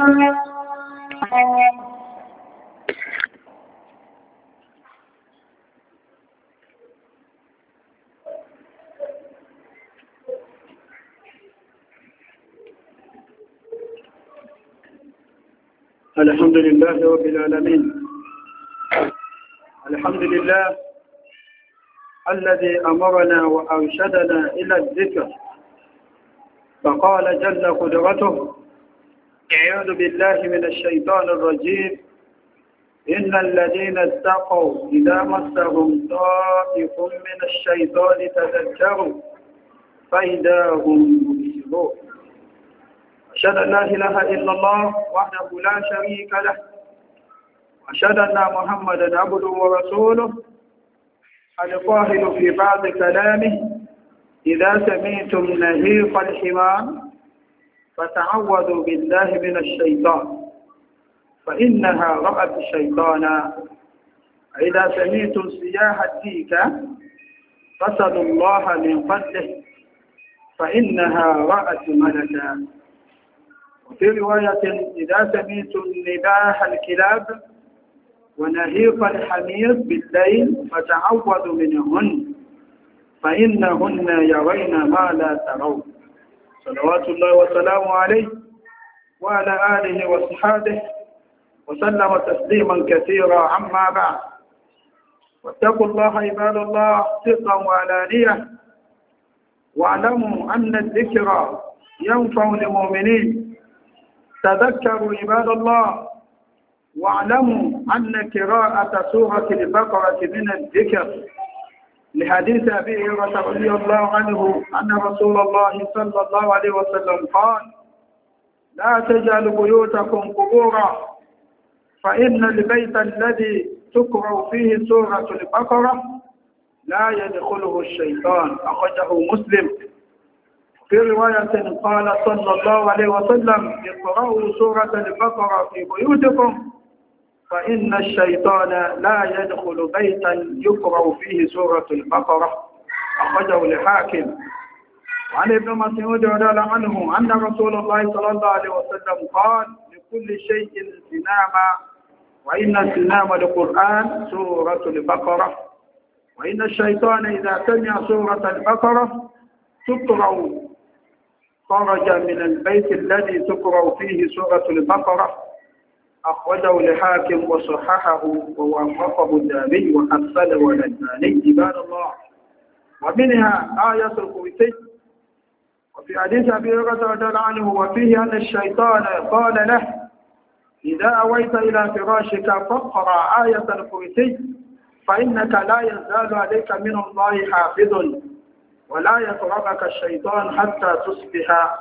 الحمد لله رب العالمين الحمد لله الذي أمرنا وأرشدنا إلى الذكر فقال جل قدرته أعوذ بالله من الشيطان الرجيم إن الذين اتقوا إذا مسهم طائف من الشيطان تذكروا فإذا هم مبصرون أشهد أن لا إله إلا الله وحده لا شريك له اشهد أن محمدا عبده ورسوله القاهر في بعض كلامه إذا سمعتم نهيق الحمام فتعوذوا بالله من الشيطان فإنها رأت الشيطان إذا سمعتم صياح الديك فسلوا الله من فضله فإنها رأت ملكا وفي رواية إذا سمعتم نباح الكلاب ونهيق الحمير بالليل فتعوذوا منهن فإنهن يرين ما لا ترون صلوات الله وسلامه عليه وعلى آله وصحابه وسلم تسليما كثيرا عما بعد واتقوا الله عباد الله صدقا وعلانية واعلموا أن الذكر ينفع للمؤمنين تذكروا عباد الله واعلموا أن قراءة سورة البقرة من الذكر لحديث أبي هريرة رضي الله عنه أن رسول الله صلى الله عليه وسلم قال لا تجعلوا بيوتكم قبورا فإن البيت الذي تقرأ فيه سورة البقرة لا يدخله الشيطان أخرجه مسلم في رواية قال صلى الله عليه وسلم اقرأوا سورة البقرة في بيوتكم فإن الشيطان لا يدخل بيتا يقرأ فيه سورة البقرة أخرجه لحاكم وعن ابن مسعود رضي الله عنه أن رسول الله صلى الله عليه وسلم قال لكل شيء سناما وإن السنام القرآن سورة البقرة وإن الشيطان إذا سمع سورة البقرة تقرأ خرج من البيت الذي تقرأ فيه سورة البقرة أخرجه لحاكم وصححه ووافقه الذهبي وحسن ونجاني عباد الله ومنها آية القويتي وفي حديث أبي رضي الله عنه وفيه أن الشيطان قال له إذا أويت إلى فراشك فاقرأ آية القويتي فإنك لا يزال عليك من الله حافظ ولا يطربك الشيطان حتى تصبح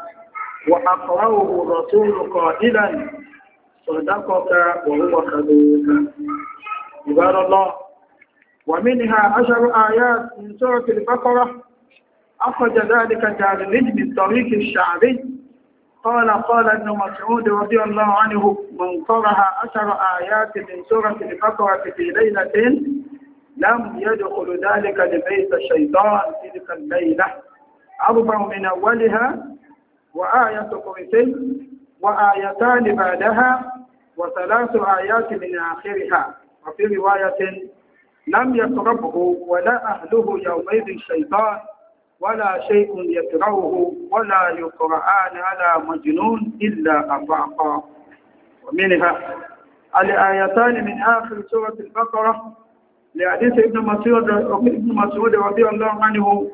وأقرأه الرسول قائلا صدقك وهو كذوب عباد الله ومنها عشر آيات من سورة البقرة أخرج ذلك الجاهلي من طريق الشعبي قال قال ابن مسعود رضي الله عنه من قرأ عشر آيات من سورة البقرة في ليلة لم يدخل ذلك لبيت الشيطان تلك الليلة أربع من أولها وآية كرسي وآيتان بعدها وثلاث آيات من آخرها وفي رواية لم يقربه ولا أهله يومئذ الشيطان ولا شيء يتروه ولا يقرآن على مجنون إلا أفاقا ومنها الآيتان من آخر سورة البقرة لحديث ابن مسعود ابن مسعود رضي الله عنه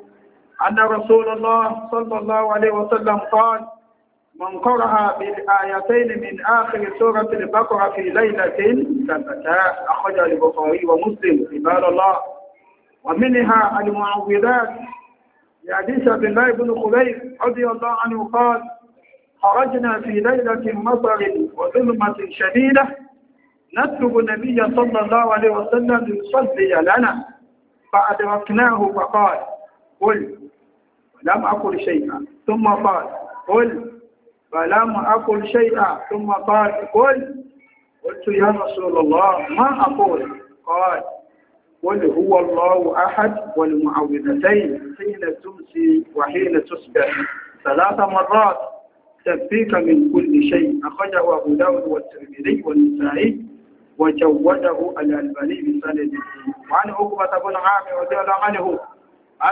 أن رسول الله صلى الله عليه وسلم قال من قرأ بالآيتين من آخر سورة البقرة في ليلة ثبتا أخرجها البخاري ومسلم عباد الله ومنها المعوذات لحديث عبد الله بن خبيب رضي الله عنه قال خرجنا في ليلة مطر وظلمة شديدة نطلب النبي صلى الله عليه وسلم ليصلي لنا فأدركناه فقال قل لم أقل شيئا ثم قال قل فلم أقل شيئا ثم قال قل قلت يا رسول الله ما أقول قال قل هو الله أحد والمعوذتين حين تمسي وحين تصبح ثلاث مرات تكفيك من كل شيء أخرجه أبو داود والترمذي والنسائي وجوده الألباني بسند وعن عقبة بن عامر رضي الله عنه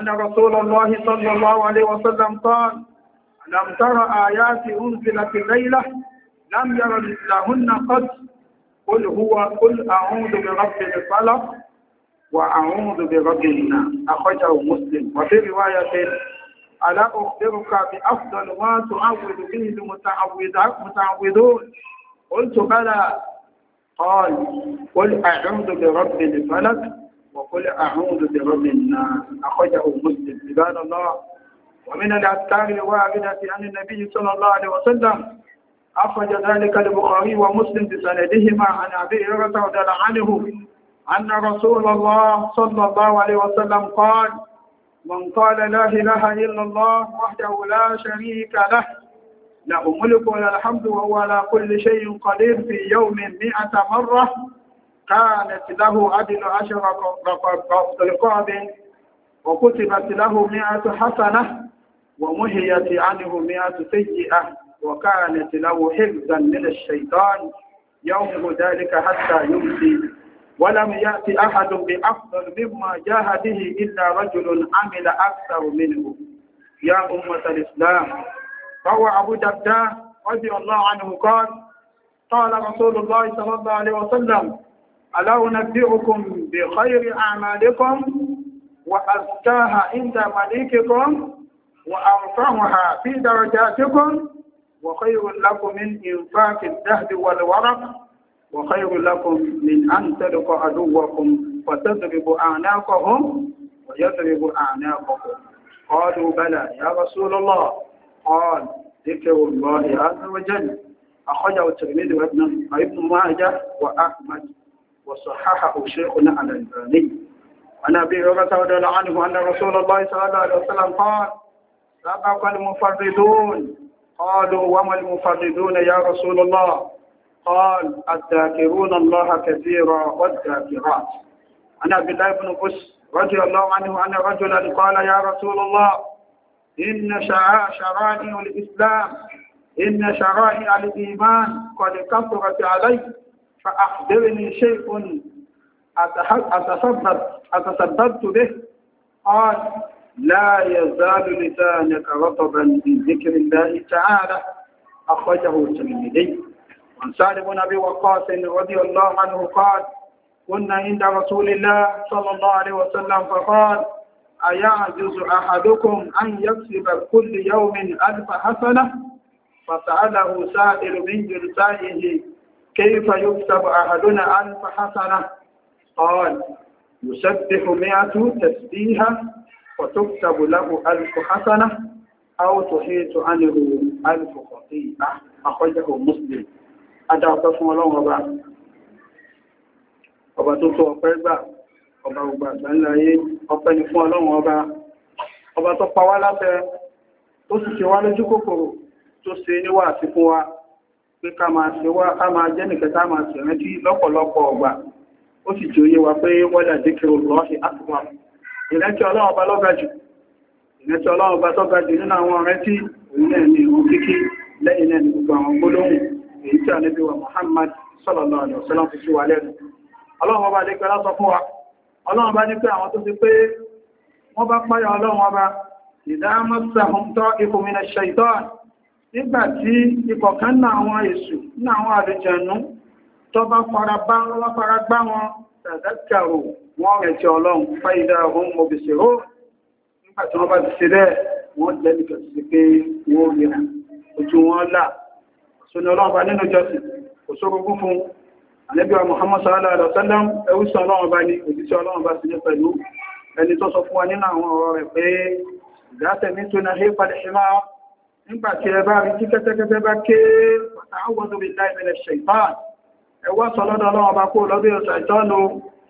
أن رسول الله صلى الله عليه وسلم قال لم ترى آيات أنزلت الليلة لم ير لهن قد قل هو قل أعوذ برب الفلق وأعوذ برب الناس أخرجه مسلم وفي رواية ألا أخبرك بأفضل ما تعوذ به المتعوذون قلت بلى قال قل أعوذ برب الفلق وقل أعوذ برب الناس أخرجه مسلم عباد الله ومن الأذكار الواردة عن النبي صلى الله عليه وسلم أخرج ذلك البخاري ومسلم بسندهما عن أبي هريرة رضي الله عنه أن رسول الله صلى الله عليه وسلم قال من قال لا إله إلا الله وحده لا شريك له له ملك وله الحمد وهو على كل شيء قدير في يوم مئة مرة كانت له عدل عشر رقاب وكتبت له مئة حسنة ومهيت عنه مئة سيئة وكانت له حفظا من الشيطان يوم ذلك حتى يمسي ولم يأت أحد بأفضل مما جاهده إلا رجل عمل أكثر منه يا أمة الإسلام روى أبو درداء رضي الله عنه قال قال رسول الله صلى الله عليه وسلم ألا أنبئكم بخير أعمالكم وأزكاها عند مليككم وأرفعها في درجاتكم وخير لكم من إنفاق الذهب والورق وخير لكم من أن تلقى عدوكم فتضرب أعناقهم ويضرب أعناقكم قالوا بلى يا رسول الله قال ذكر الله عز وجل أخرجه الترمذي وابن ابن ماجه وأحمد وصححه شيخنا الباني عن أبي هريرة رضي الله عنه أن رسول الله صلى الله عليه وسلم قال سبق المفردون قالوا وما المفردون يا رسول الله قال الذاكرون الله كثيرا والذاكرات عن عبد الله بن قس رضي الله عنه أن رجلا قال يا رسول الله إن شرائع الإسلام إن شرائع الإيمان قد كثرت علي فأخبرني شيء أتثبت أتثبت به قال لا يزال لسانك رطبا بذكر الله تعالى أخرجه الترمذي عن سالم بن أبي وقاص رضي الله عنه قال كنا عند رسول الله صلى الله عليه وسلم فقال أيعجز أحدكم أن يكسب كل يوم ألف حسنة فسأله سائل من جلسائه كيف يكسب أحدنا ألف حسنة قال يسبح مئة تسبيحة وتكتب له ألف حسنة أو تحيط عنه ألف خطيئة أخرجه مسلم أدعوك فún ọlọ́run ọba ọba tó tó ọpẹ́ gbà ọba ògbà àgbáńláyé ọpẹ́ ni fún ọlọ́run ọba ọba tó pa wá láfẹ́ ká máa ṣe wá ká máa jẹ́ nìkẹta máa ṣẹ̀rẹ́ tí lọ́pọ̀lọpọ̀ ọgbà ó sì jẹ́ òye wa pé wọ́dà dékèrò lọ́ọ̀ṣì àtúwà ìrẹ́tí ọlọ́run ọba lọ́gbà jù ìrẹ́tí ọlọ́run ọba tọ́gbà jù nínú àwọn ọ̀rẹ́ tí òun ni òun Muhammad sallallahu alaihi wasallam fi sí wa lẹ́nu ọlọ́run ọba lè pẹ́lá sọ fún wa ọlọ́run ọba ní pé àwọn tó ti pé wọ́n bá páyà ọlọ́run ọba ìdámọ́sàmúntọ́ ìfòmìnà ṣẹ̀tọ́n nígbà tí ikọ̀ náà àwọn èṣù náà àwọn àlùjẹ̀nú tó bá wọn tàdákàrò wọ́n rẹ̀ tí ọlọ́run fáyídá ohun mọ̀bìsì ró nígbà tí wọ́n bá ti ṣe bẹ́ẹ̀ wọ́n jẹ́ nìkan ti pé wọ́n rẹ̀ ojú wọn là so ni ọlọ́run bá nínú jọ́sìn kò sóró gún fún ànábì wa Muhammad sallallahu alaihi wasallam ẹwùsọ ọlọ́run bá ní òjíṣẹ́ ọlọ́run bá sí ní pẹ̀lú ẹni tó sọ fún wa nínú àwọn ọ̀rọ̀ rẹ̀ pé ìdásẹ̀ ní tó náà hẹ́pàdé ṣe máa nígbà tí ẹ bá rí tí kẹ́tẹ́kẹ́tẹ́ bá ké pàtàkùn wọ́n tó bí láìpẹ́lẹ̀ ṣe ìbáà ẹwọ́ sọ lọ́dọ̀ ọlọ́run bá kó lọ́dọ̀ ìṣàìtọ́nu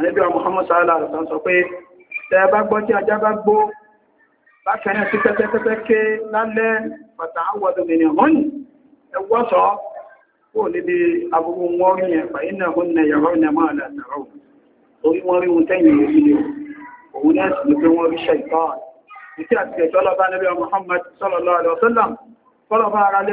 àníbíwá Muhammad sallallahu alaihi wasallam sọ pé tẹ́ bá gbọ́ tí ajá bá gbó bákan náà sí pẹ́tẹ́pẹ́tẹ́ ké lálẹ́ pàtà àwọ̀dọ̀ mìíràn wọ́n ni ẹwọ́ sọ kó níbi agbogbo wọn rí yẹn pàyín náà hún na yàrá ní àmà àlàtàrà orí wọn rí wọn tẹ́yìn òfin ni òun náà sì pé wọ́n rí ṣẹ̀tọ́ ìtí àti ẹ̀tọ́ lọ́ba níbi Muhammad sallallahu alaihi wasallam kọ́lọ́ba ara lé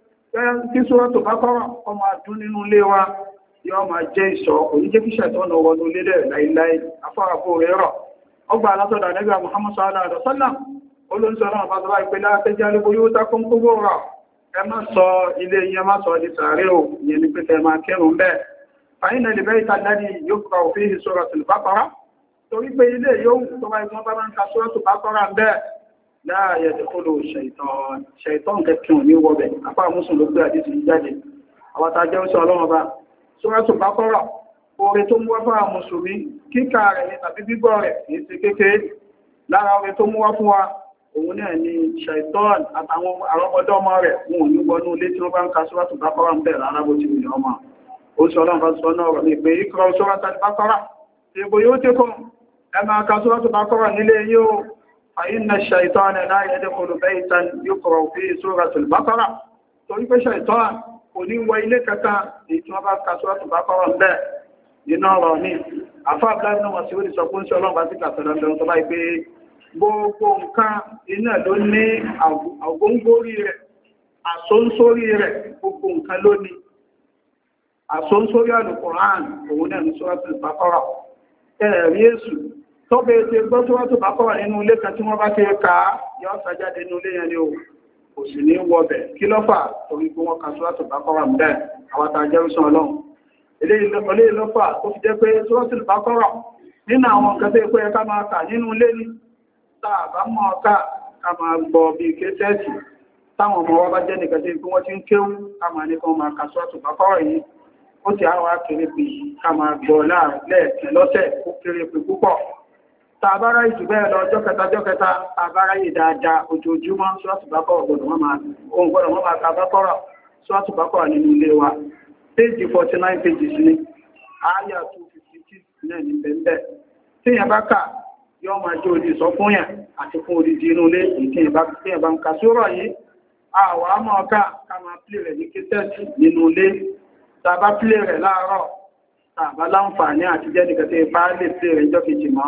kí Suratul Baqara kọ́ máa dún nínú ilé wa yóò máa jẹ́ ìṣọ́ òní jẹ́ kíṣẹ̀ tó nà wọnú ilé dẹ̀ láìláì afárapò rẹ̀ rọ̀ ọgbà alátọ̀dà nẹ́gbà Muhammad sallallahu alaihi wasallam olóńsọ̀rọ̀ àbátọ́lá ìpínlẹ̀ ni pé tẹ́ẹ̀ máa kẹrùn bẹ́ẹ̀ fàyínà lè bẹ́ẹ̀ ìtàlẹ́ni yóò kọ òfin Suratul Baqara torí pé ilé yóò tó láàyè ìdíkòlò ṣẹ̀tọ́n kẹkẹ́ òní wọ́bẹ̀ apá àmúsùn ló gbé àdísì jáde àwọ́ta jẹ́ oṣù ọlọ́run ọba sórẹ́tù bá kọ́rọ̀ oore tó mú wá fún àwọn mùsùlùmí kíkà rẹ̀ ní tàbí gbígbọ́ rẹ̀ kì í ṣe kékeré lára oore tó mú wá fún wa òun náà ni ṣẹ̀tọ́n àtàwọn àrọ́pọ̀dọ́ ọmọ rẹ̀ wọn ò ní wọnú ilé tí wọ́n bá ń ka sórẹ́tù bá kọ́rọ̀ ń bẹ̀ rárá bó ti wù ní ọmọ oṣù ọlọ́run bá sọ náà rọ̀ ní pé ikọ̀ sórẹ́tù bá kọ́rọ̀ ṣègbò yóò tẹ́kọ̀ọ́ ẹ máa ka sórẹ́tù bá kọ́rọ̀ nílé yóò فإن الشيطان لا يدخل بيتا يقرأ فيه سورة البقرة torí pé ṣàìtọ́n kò ní wọ ilé kẹta èyí tí wọ́n bá ka sọ́rọ̀ tó bá kọ́rọ̀ ń bẹ́ nínú ọ̀rọ̀ ní gbogbo nǹkan iná ló ní àgóngórí rẹ̀ àsóńsórí rẹ̀ gbogbo nǹkan ló ní àsóńsórí àlùkùránì òun náà ní tó bèèrè tí gbọ́ tó wọ́n tó bá kọ́ wà nínú ilé kan tí wọ́n bá ti ka yọ́ sàjáde nínú ilé yẹn ni o kò sì ní wọ́bẹ̀ kí lọ́fà torí pé wọ́n ka sọ́rọ̀tù bá kọ́ wà ń bẹ́ẹ̀ àwọn àtàjẹ́ ìṣàn ọlọ́run eléyìí lọ́fà tó fi jẹ́ pé sọ́rọ̀tù bá kọ́ wà nínú àwọn nǹkan tó yẹ pé ká máa kà nínú ilé ni tá a bá mọ̀ ká ká máa gbọ́ bí kéṣẹ́ẹ̀tì táwọn ọmọ wa bá jẹ́ nìkan tí wọ́n ti ń kéwú ká máa ní kan máa kà sọ́rọ̀tù bá kọ́ wà yìí ó ti àwọn akéré pé ká máa gbọ́ láàrín lẹ́ẹ̀kẹ́ lọ́sẹ̀ ó kéré pé púpọ̀ tàbára ìjù bẹ́ẹ̀ lọ ọjọ́ kẹta ọjọ́ kẹta àbára yìí dáadáa ojoojúmọ́ ṣọ́ọ̀tù bákọ̀ ọ̀gbọ̀dọ̀ wọ́n máa ohun gbọ́dọ̀ wọ́n máa ka bákọ̀rọ̀ ṣọ́ọ̀tù bákọ̀ nínú ilé wa péjì 49 pages ni àyà 256 náà ní bẹ́ẹ̀ tí yẹn bá kà yọ máa jẹ́ odi sọ fún yẹn àti fún odidi inú ilé tí yẹn bá ń ka sórọ̀ yìí àwọ̀ á máa ká ká máa pílè tàbá pílè rẹ̀ láàárọ̀ tàbá láǹfààní àti jẹ́ nìkan tí ipá lè pílè rẹ̀ jọ́ kejì mọ́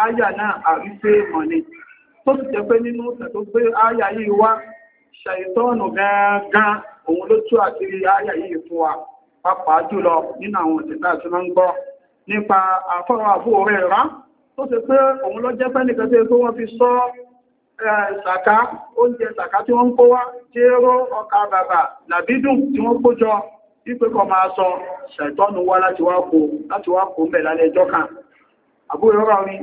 ááyà náà àríṣe mọ̀ ni tó sì jẹ́ pé nínú ìtàn tó gbé ááyà yìí wá ṣàìtọ́ọ̀nù gan-an òun ló tú àṣírí ááyà yìí fún wa pàápàá jùlọ nínú àwọn òṣèlú àti máa ń gbọ́ nípa àfọ́rọ̀ àbú rẹ̀ rá tó sì pé òun ló jẹ́ pẹ́nìkan tó pé wọ́n fi sọ ṣàká oúnjẹ ṣàká kọ máa sọ ṣàìtọ́nù wá láti wá kó mẹ́ lálẹ́ ẹjọ́ kan àbúrò rọrin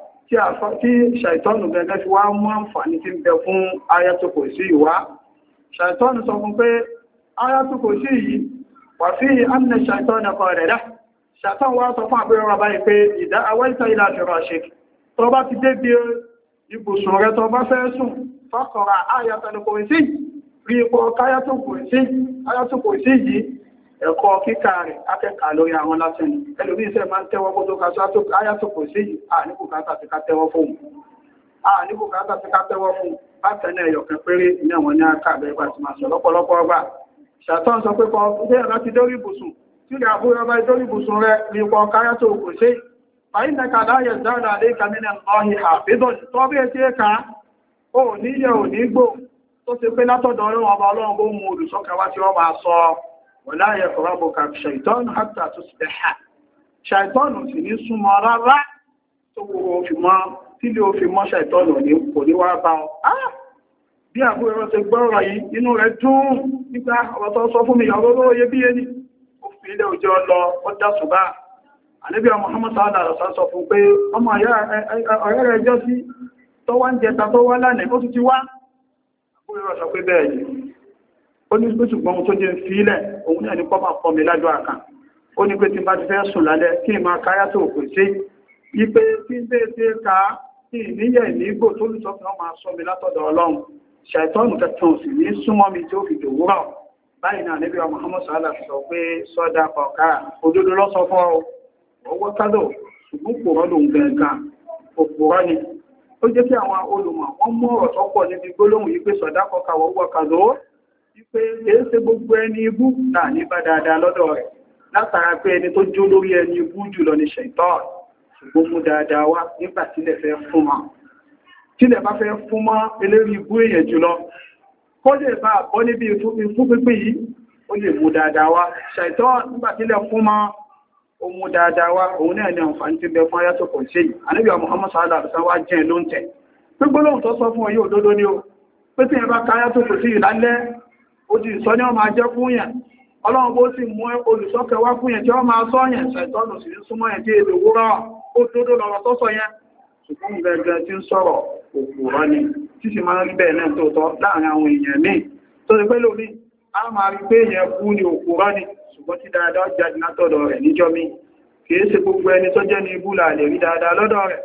tí àfá tí ṣàìtọ́nù gẹ́gẹ́ fi wá mú àǹfààní tí ń bẹ fún ayatò kò sí ìwá ṣàìtọ́nù sọ fún pé ayatò kò sí yìí wà fí àmì ṣàìtọ́nù ọkọ̀ rẹ̀ dá ṣàtọ́n wá sọ fún àpẹẹrẹ ọba yìí pé ìdá awẹ́ta ilẹ̀ àjọrọ̀ ṣe tó bá ti ẹ̀kọ́ kíkà rẹ̀ akẹ́kà lórí àwọn lásán ẹlòmí iṣẹ́ máa ń tẹ́wọ́ kó tó kaṣọ́ a sí àníkùkátà ti ká tẹ́wọ́ fún àníkùkátà ti ká tẹ́wọ́ fún bátẹ́nà ní ti máa sọ lọ́pọ̀lọpọ̀ ọgbà ṣàtọ́n sọ pé kọ́ ilé ẹ̀rọ ti dórí ibùsùn tí bá ibùsùn rẹ̀ ní kò sí láyẹ̀ dáadáa ò ní wọ̀lá yaqrabu ka ṣàìtọ́nù hatta tusbiha ṣàìtọ́nù sì ní súnmọ́ rárá tó wo fi mọ́ tílé o fi mọ́ ṣàìtọ́nù ní kò ní wá ọ. Ah! bí àbú ẹ̀rọ ṣe gbọ́rọ̀ yìí inú rẹ̀ dùn nígbà ọ̀rọ̀ sọ fún mi ọ̀rọ̀ ó ní pé ṣùgbọ́n ohun tó jẹ́ fílẹ̀ òun náà ní pọ́ máa pọ̀ mi lájọ́ àkàn ó ní pé tí bá ti fẹ́ sùn lálẹ́ kí n máa káyá tó kò sí ipe tí ń bẹ́ẹ̀ tí ká kí ìníyẹ̀ ìnígbò tó lù sọ́kùn náà máa sọ mi látọ̀dọ̀ ọlọ́run ṣàìtọ́nù kẹtàn sì ní súnmọ́ mi tí ó fi dòwúrọ̀ báyìí náà níbi ọmọ Muhammad sallah sọ pé sọ́dà jẹ́ kí àwọn olùmọ̀ wọ́n mú ọ̀rọ̀ níbi gbólóhùn yìí pé sọ̀dá kọ̀ọ̀ká wọ́wọ́ kádò wípé kìí ṣe gbogbo ẹni ibú náà ní bá dáadáa lọ́dọ̀ rẹ̀ látara pé ẹni tó jó lórí ẹni ibú jùlọ ní ṣẹ̀tọ́ ṣùgbọ́n mú dáadáa wá nígbà tílẹ̀ fẹ́ fún mọ́ tílẹ̀ bá fẹ́ fún mọ́ eléri ibú èèyàn jùlọ kó lè bá bọ́ níbi ìfún pípé yìí ó lè mú dáadáa wá ṣẹ̀tọ́ nígbà tílẹ̀ fún mọ́ ó mú dáadáa wá òun náà ní àǹfààní ti bẹ fún ayátò kò ṣe yìí àníbi àwọn ọmọ sáàlà àbùsán jẹ́ ló ń tẹ̀ gbígbólóhùn sọ fún ọ yóò dodo ni o pé tí ẹ bá ka ayátò kò sí ìlálẹ́ ojú ìsọ́ ní ọmọ ajẹ́ fún yẹn ọlọ́run bó sì mú olùsọ́kẹwà fún yẹn tí ó máa sọ yẹn ṣẹ̀tọ́nù sí súnmọ́ yẹn tí èdè wúrọ́ ó dúdú lọ́rọ̀ tọ́sọ yẹn ṣùgbọ́n gẹ̀gẹ̀ tí ń sọ̀rọ̀ òpùrọ́ ni tí sì máa rí bẹ́ẹ̀ náà tóótọ́ láàrin àwọn èèyàn míì tó ti pé lórí a máa rí pé èèyàn kú ni òpùrọ́ ni ṣùgbọ́n tí dáadáa jáde látọ̀dọ̀ rẹ̀ níjọ́ mi kìí ṣe gbogbo ẹni tó jẹ́ ní ibú làlè rí dáadáa lọ́dọ̀ rẹ̀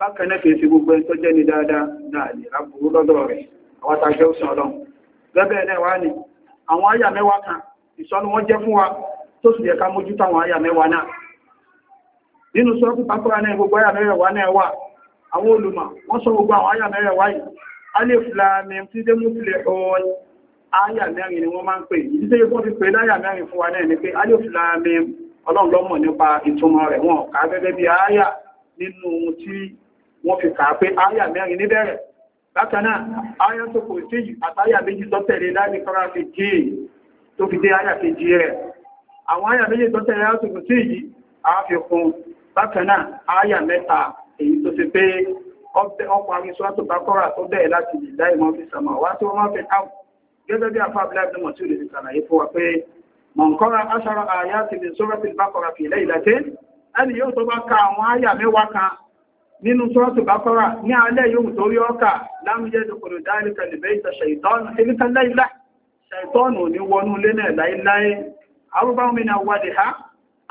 bákan náà kìí ṣe gbogbo ẹni tó gẹ́gẹ́ náà wá ní àwọn àyà mẹ́wàá kan ìsọ́nù wọ́n jẹ́ fún wa tó sì yẹ ká mójútó àwọn àyà mẹ́wàá náà nínú sọ́ọ̀kù pápára náà gbogbo àyà mẹ́wàá náà wà àwọn olùmọ̀ wọ́n sọ gbogbo àwọn àyà mẹ́wàá yìí alif lam mim tí dé múfilẹ̀ ọ̀ọ́n àyà mẹ́rin ni wọ́n máa ń pè yìí ni pé bákanáà ayọ́ tó kò sí àtàyà méjì tó tẹ̀lé láti kọ́ra fi jí tó fi dé ayà kejì rẹ̀ àwọn ayà méjì tó tẹ̀lé láti kò sí yìí àáfikún bákanáà ayà mẹ́ta èyí tó fi pé ọkọ̀ arísọ́ tó bá kọ́ra tó bẹ̀rẹ̀ láti ìdáyìí mọ́ fi sàmọ̀ wá tí wọ́n nínú sọ́ọ̀tù bákọ́rà ní alẹ́ yóò tó ọka, ọkà lámúyẹ́ dùkùnrin dáríkà lè bẹ́ ṣàìtọ́nù tílíkà láìlá ṣàìtọ́nù ní wọnú ilé na wádìí ha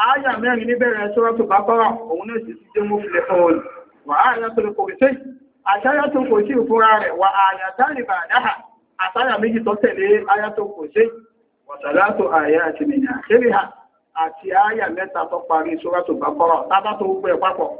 áyà mẹ́rin níbẹ̀rẹ̀ sọ́ọ̀tù bákọ́rà òun náà sì ti dé mú filẹ̀ fún wà áyà tó kò sí àṣáyà tó kò sí rẹ̀ wà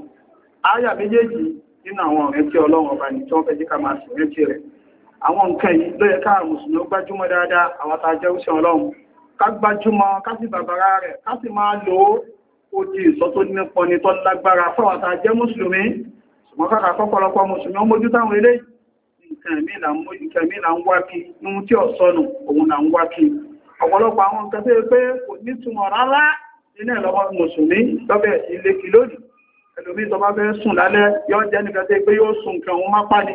Áyà méjèèjì nínú àwọn ọ̀rẹ́ tí Ọlọ́run ọba ní tí wọ́n fẹ́ jí ká máa sì méjì rẹ̀. Àwọn nǹkan yìí ló yẹ káà Mùsùlùmí ó gbájúmọ́ dáadáa àwọn tá a Ọlọ́run. Ká gbájúmọ́ ká sì bàbára rẹ̀ ká sì máa lò ó ó nípọn ni tó lágbára fáwọn tá a jẹ́ Mùsùlùmí. Ṣùgbọ́n kàkà kọ́pọ̀lọpọ̀ Mùsùlùmí ó mójú táwọn eléyìí. Nǹkan mi là ń wá kí ohun tí ọ̀sọ́nù òun là ń wá kí. Ọ̀pọ̀lọpọ̀ àwọn nǹkan tó yẹ pé kò nítumọ̀ ẹlòmí tó bá fẹ́ sùn lálẹ́ yóò jẹ́ nìkan tẹ́ pé yóò sùn nǹkan òun má pàdé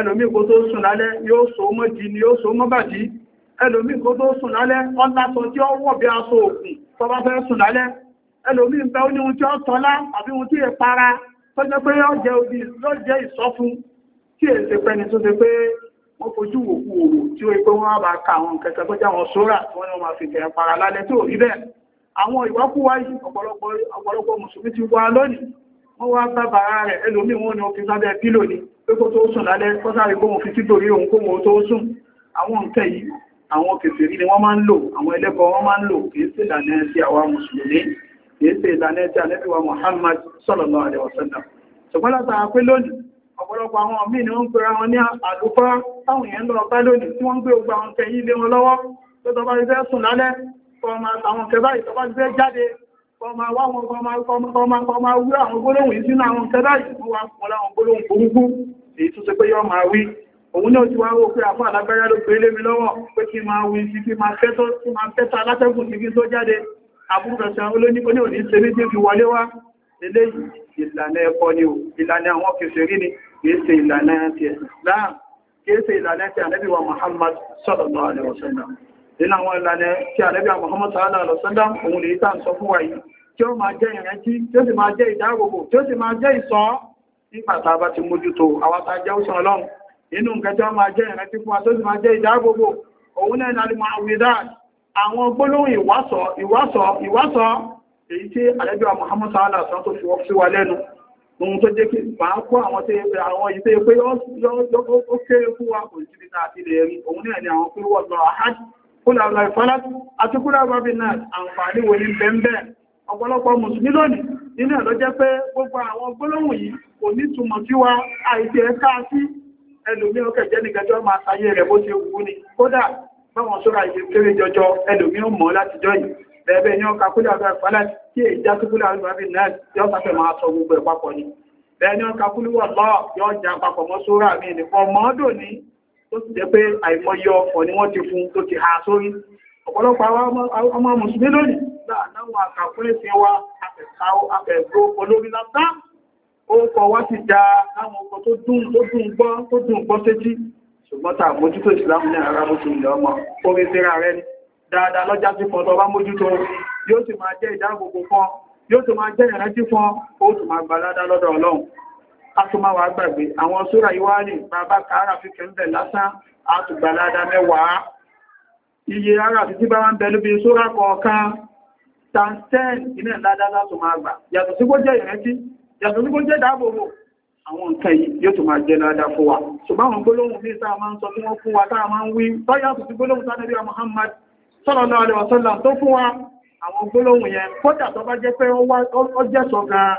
ẹlòmí kó tó sùn lálẹ́ yóò so mọ́ jí ni yóò so mọ́ bàjí ẹlòmí kó tó sùn lálẹ́ ọ́nlásọ tí ó wọ̀ bí aṣọ òkun tó bá fẹ́ sùn lálẹ́ ẹlòmí bẹ́ ó ní ohun tí ó tọ́lá àbí ohun tí è para tó jẹ́ pé yóò jẹ́ òbí yóò jẹ́ ìsọfún tí è ṣe pẹ́ni tó ṣe pé wọ́n fojú òkú òwò tí ó pé wọ́n bá ka àwọn kẹta tó jẹ́ àwọn sóra tí wọ́n máa fi tẹ̀ para lálẹ́ tí ò rí bẹ́ẹ̀ àwọn ìwákúwá yìí ọ̀pọ̀lọpọ̀ mùsùlùmí ti wá lónìí wọ́n wá bàbà ara rẹ̀ ẹlòmí wọn ni ó fi sábẹ́ pílò ní pépó tó sùn lálẹ́ kọ́sàrí kó wọn fi títò rí ohun kó wọn tó sùn àwọn nǹkan yìí àwọn kèfèrí ni wọ́n máa ń lò àwọn ẹlẹ́bọ wọ́n máa ń lò kìí ṣe ìlànà ẹ̀sìn àwa mùsùlùmí kìí ṣe ìlànà ẹ̀sìn àlẹ́bíwa Muhammad sallallahu alaihi wasallam ṣùgbọ́n látara pé lónìí ọ̀pọ̀lọpọ̀ àwọn míì ni wọ́n ń pera wọn ní àlùfáà táwọn èèyàn lọ bá lónìí tí wọ́n ń gbé ogbà àwọn kẹyìn lé wọn lọ́wọ́ tó tọ́ bá ti fẹ́ sùn lálẹ́ tó máa tàwọn kẹ báyìí tó bá ti fẹ́ jáde Kọmọ wá wọn kọmọ kọmọ kọmọ wí àwọn gbólóhùn yìí sínú àwọn kẹ́lá yìí fún wa fún láwọn gbólóhùn gbogbo èyí tó ṣe pé yọ máa wí. Òun náà ti wá rò pé àfún àlágbẹ́rẹ́ ló pé lé mi lọ́wọ́ pé kí máa wí sí kí máa fẹ́ tó kí máa fẹ́ ta látẹ́kùn sí kí tó jáde. Àbúrúkẹsẹ̀ olóní oní òní ṣe méjì fi wọlé wá. Eléyìí ìlànà ẹ̀kọ́ ni ò, ìlànà àwọn kèfèrí ni, kìí ṣe ìlànà ti ẹ̀sìn. Láà kìí ṣe ìlànà ti Ànábì wa Muhammad sallallahu nínú àwọn ìlànà tí àlẹ́bíà Muhammad sallallahu alaihi wasallam òun lè tà ń sọ fún wa yìí tí ó máa jẹ́ ìrántí tí ó sì máa jẹ́ ìdáàbòbò tí ó sì máa jẹ́ ìsọ́ nígbà tá a bá ti mójútó àwọn tá a jẹ́ òṣàn ọlọ́run inú nǹkan tí ó máa jẹ́ ìrántí fún wa tó sì máa jẹ́ ìdáàbòbò òun náà ní alimọ̀ àwìdá àwọn gbólóhùn ìwásọ̀ ìwásọ̀ ìwásọ̀ èyí tí àlẹ́bíà Muhammad sallallahu alaihi wasallam tó fi wọ́n sí wa lẹ́nu ohun tó jẹ́ kí máa kó àwọn tí àwọn ìṣe pé ó kéré fún wa kò sí ibi tá a ti lè rí òun náà ni àwọn pé wọ́n lọ àhájì kúlà àlàìfọ́lá àti kúlà rọ́bì náà àǹfààní wo ní bẹ́ẹ̀ ọ̀pọ̀lọpọ̀ mùsùlùmí lónìí nínú ẹ̀ ló jẹ́ pé gbogbo àwọn gbólóhùn yìí kò ní túmọ̀ sí wa àìsí ẹ̀ka sí ẹlòmí ó kẹ̀jẹ́ ní gẹjọ́ máa sayé rẹ̀ bó ṣe wù ní kódà báwọn sọ́ra ìṣe kéré jọjọ ẹlòmí ó mọ̀ látijọ́ yìí bẹ̀ẹ̀bẹ̀ ní ọkà kúlà ni ní tó ti jẹ́ pé àìmọye ọkọ̀ ni wọ́n ti fún tó ti ha sórí ọ̀pọ̀lọpọ̀ ọmọ mùsùlùmí lónìí láàáwọn àkàkúrẹ́ sí wa àfẹ̀gbó olórí látá orúkọ wá ti já láwọn ọkọ̀ tó dùn tó dùn gbọ́ tó dùn gbọ́ sétí ṣùgbọ́n tà mójútó ìsìlámù ní ara mùsùlùmí ọmọ orí síra rẹ ni dáadáa lọ́jà sí fọ́n tó bá mójútó yóò sì máa jẹ́ ìdáàbòbò fún yóò sì máa jẹ́ ìrántí fún ó sì máa gbà ládá lọ́dọ̀ ọlọ́run atúmọ̀wà gbàgbé àwọn sóra ìwárì bàbá kààrà fífẹ́ ń bẹ̀ lásán àtùgbàládà mẹ́wàá iye ara àti tí bá wá ń bẹ̀lú bí sóra kọ̀ọ̀kan tansen iná ìlàdá látò máa gbà yàtọ̀ sí kó jẹ́ ìrètí yàtọ̀ sí kó jẹ́ dáàbòbò àwọn nǹkan yìí yóò tó máa jẹ́ láàdá fún wa ṣùgbọ́n àwọn gbólóhùn bí sáà máa ń sọ fún wọn fún wa táà máa ń wí tọ́yàtọ̀ Muhammad sallallahu alaihi wasallam tó fún wa àwọn gbólóhùn yẹn kódà tó bá jẹ́ pé ó jẹ́ sọ gan-an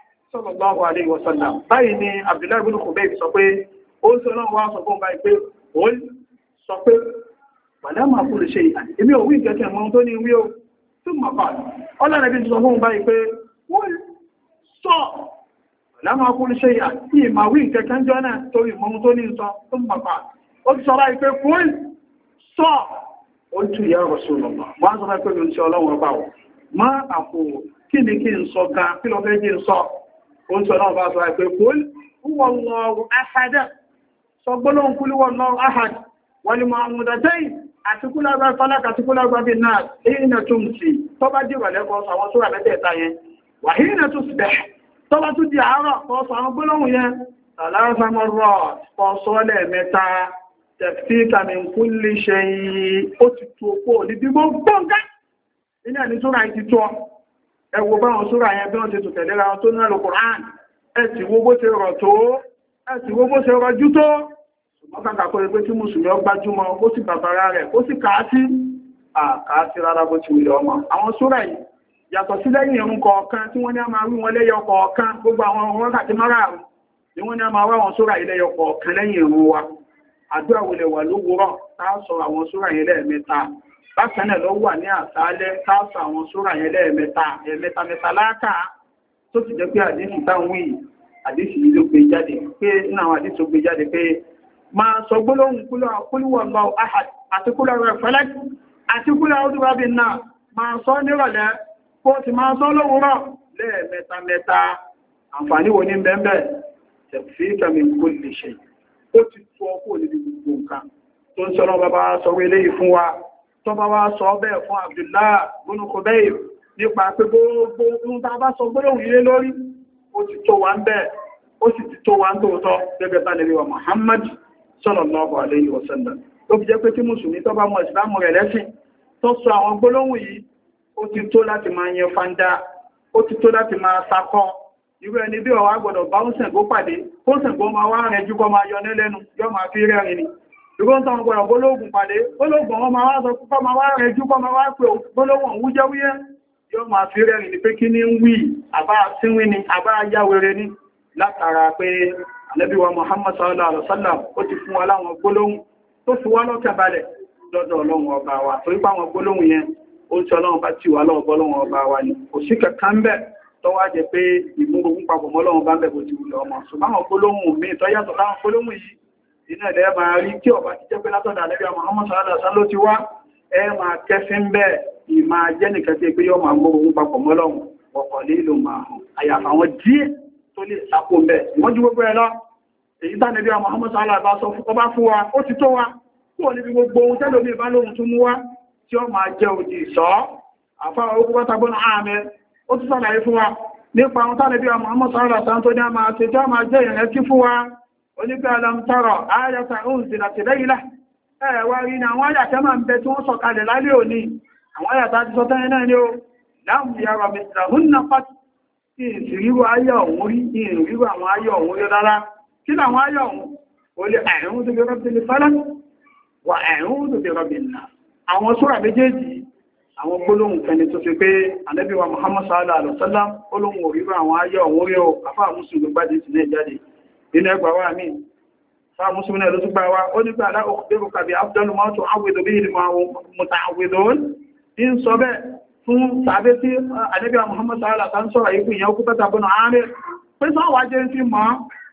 sallallahu alaihi wa sallam báyìí ni Abdullahi ibn Khubayb sọ pé ó ń sọ náà wá sọ fún báyìí pé ó ń sọ pé wàlá máa fún ṣe ìyà èmi ò wí ìjọkẹ́ mọ́ tó ní wí o tó mọ̀ pa ọlọ́rẹ̀ bí sọ fún báyìí pé wọ́n sọ wàlá máa fún ṣe ìyà tí ìmà wí ìjọkẹ́ jọ náà torí mọ́ tó ní sọ ọlọ́run ọba ọ̀ má àpò kí ni kí n sọ gan kí lọ fẹ́ kí n sọ Oún tí ọlọ́run bá sọ àìpé kúl, wọ́n lọ́rùn áhàdá, sọ gbọ́lọ́run kúlú wọ́n lọ́rùn áhàdá, wọ́n ni máa mú dàtẹ́yìn, àtikúlágbà fọ́lákà àtikúlágbà bí náà, èyí na tún sí, tọ́ bá dìwà lẹ́kọ́ sọ àwọn tó wà mẹ́tẹ̀ẹ̀ta yẹn, wà hí na tún sí bẹ̀, tọ́ bá tún di àárọ̀ kọ́ sọ ẹ wo báwọn súra yẹn bí wọ́n ti tùtẹ̀lẹ́ra wọn tó ní Al-Qur'an ẹ sì wo bó ṣe rọ̀ tó ẹ sì wo bó ṣe rọjú tó ṣùgbọ́n kàkà kó ẹgbẹ́ tí mùsùlùmí ọ gbájúmọ́ ó sì bàbára rẹ̀ ó sì kàásí àkàásí rárá bó ti wùlẹ̀ ọmọ àwọn súra yìí yàtọ̀ sí lẹ́yìn ẹ̀rùn kọ̀ọ̀kan tí wọ́n ní ni wọ́n ní a máa wá wọn sóra ilẹ̀yọ kọ̀ọ̀kan bákan náà ló wà ní àtàlẹ́ káàsù àwọn sóra yẹn lẹ́ẹ̀mẹ́ta ẹ̀mẹ́ta mẹ́ta láàkà tó ti jẹ́ pé àdéṣì táwọn yìí àdéṣì yìí ló gbé jáde pé nínú àwọn àdéṣì tó gbé jáde pé máa sọ gbólóhùn kúlúwọ̀ lọ ahad àti kúlọ̀ rẹ̀ fẹ́lẹ́ àti kúlọ̀ ọdúnwábí náà máa sọ nírọ̀lẹ́ kó ti máa sọ lówùúrọ̀ lẹ́ẹ̀mẹ́ta mẹ́ta àǹfààní wo ní bẹ́ẹ̀ tẹ̀fíkà mi tó bá wá sọ bẹ́ẹ̀ fún Abdullah ibn Khubayr nípa pé gbogbo ohun tá bá sọ gbólóhùn ilé lórí ó ti tó wa ń bẹ́ẹ̀ ó sì ti tó wa ń tòótọ́ gẹ́gẹ́ bá wa Muhammad sallallahu alayhi wa sallam ó fi jẹ́ pé tí mùsùlùmí tó bá mọ ìsìlámù rẹ̀ lẹ́sìn tó sọ àwọn gbólóhùn yìí ó ti tó láti máa yẹn fanda ó ti tó láti máa sakọ́ irú ẹni bí ọwá gbọ́dọ̀ ṣùgbọ́n tán gbọ́nà gbólógùn pàdé gbólógùn wọn máa wá sọ púpọ̀ máa wá rẹ̀ jú pọ́ máa wá pé gbólógùn wújẹ́ wúyẹ́ yóò ni àbá yáwere ní látara pé Ànábì Muhammad sallallahu alaihi wasallam ó ti fún wa láwọn gbólóhùn tó fi wá lọ́kẹ̀ balẹ̀ lọ́dọ̀ ọlọ́run ọba wa torí pé àwọn gbólóhùn yẹn ó ń sọ ọlọ́run bá ti wà lọ́wọ́ ọba wa ni kò sí kankan bẹ́ẹ̀ tó wá jẹ pé ìmúrogún Mẹ̀dínà lẹ́ máa rí tí ọba ti jẹ́ pé látọ̀dà lẹ́bí àwọn ọmọ sàádà sá ló ti wá ẹ máa kẹfí ń bẹ́ẹ̀ ìmá jẹ́ nìkan tí pé yọ máa mọ́ ogun papọ̀ mọ́lọ́run ọ̀pọ̀ lílo máa hàn àyàfà àwọn díẹ̀ tó lè sápò ń bẹ́ẹ̀ wọ́n ju gbogbo ẹ lọ èyí tá nẹ́bí ó ti tó wa fún wa nípa ohun tá nẹ́bí ọmọ sàádà sáà tó ní a máa ṣe tí a máa jẹ́ ìrẹ́kí fún wa onígbà alamtọ́rọ̀ ayata ounzi láti lẹ́yìnlá ẹ̀wà rí ní àwọn àyàtẹ́ máa ń bẹ tí wọ́n sọ̀kalẹ̀ lálẹ́ òní àwọn àyàtà ti sọ tẹ́yìn náà ni ó láàmù yàrá mẹ́sìlá hún na pàtí kí ìrírò ayọ̀ òun rí kí ìrírò àwọn ayọ̀ òun rí rárá kí làwọn ayọ̀ òun ó lè àìrún tó fi rọ́bì ní fẹ́lá wà àìrún tó fi rọ́bì nà muhammad sallallahu alaihi wasallam gbólóhùn òrírò àwọn ayọ̀ òun rí o afá nínú ẹgbà wà ní fa musulmi ló túgbà wá ó nígbà aláwọ̀ pẹ̀lú kàbí afdọ́lù máa tó àwẹ̀dò bí ìlú mọ̀ta àwẹ̀dò ní ń sọ bẹ́ẹ̀ fún sàbẹ́ tí àdẹ́bíà muhammad sallá ta ń sọ̀rọ̀ ikú ìyẹn okú pẹ́ta bọ́nà ààrẹ pé sọ wà jẹ́ sí mọ́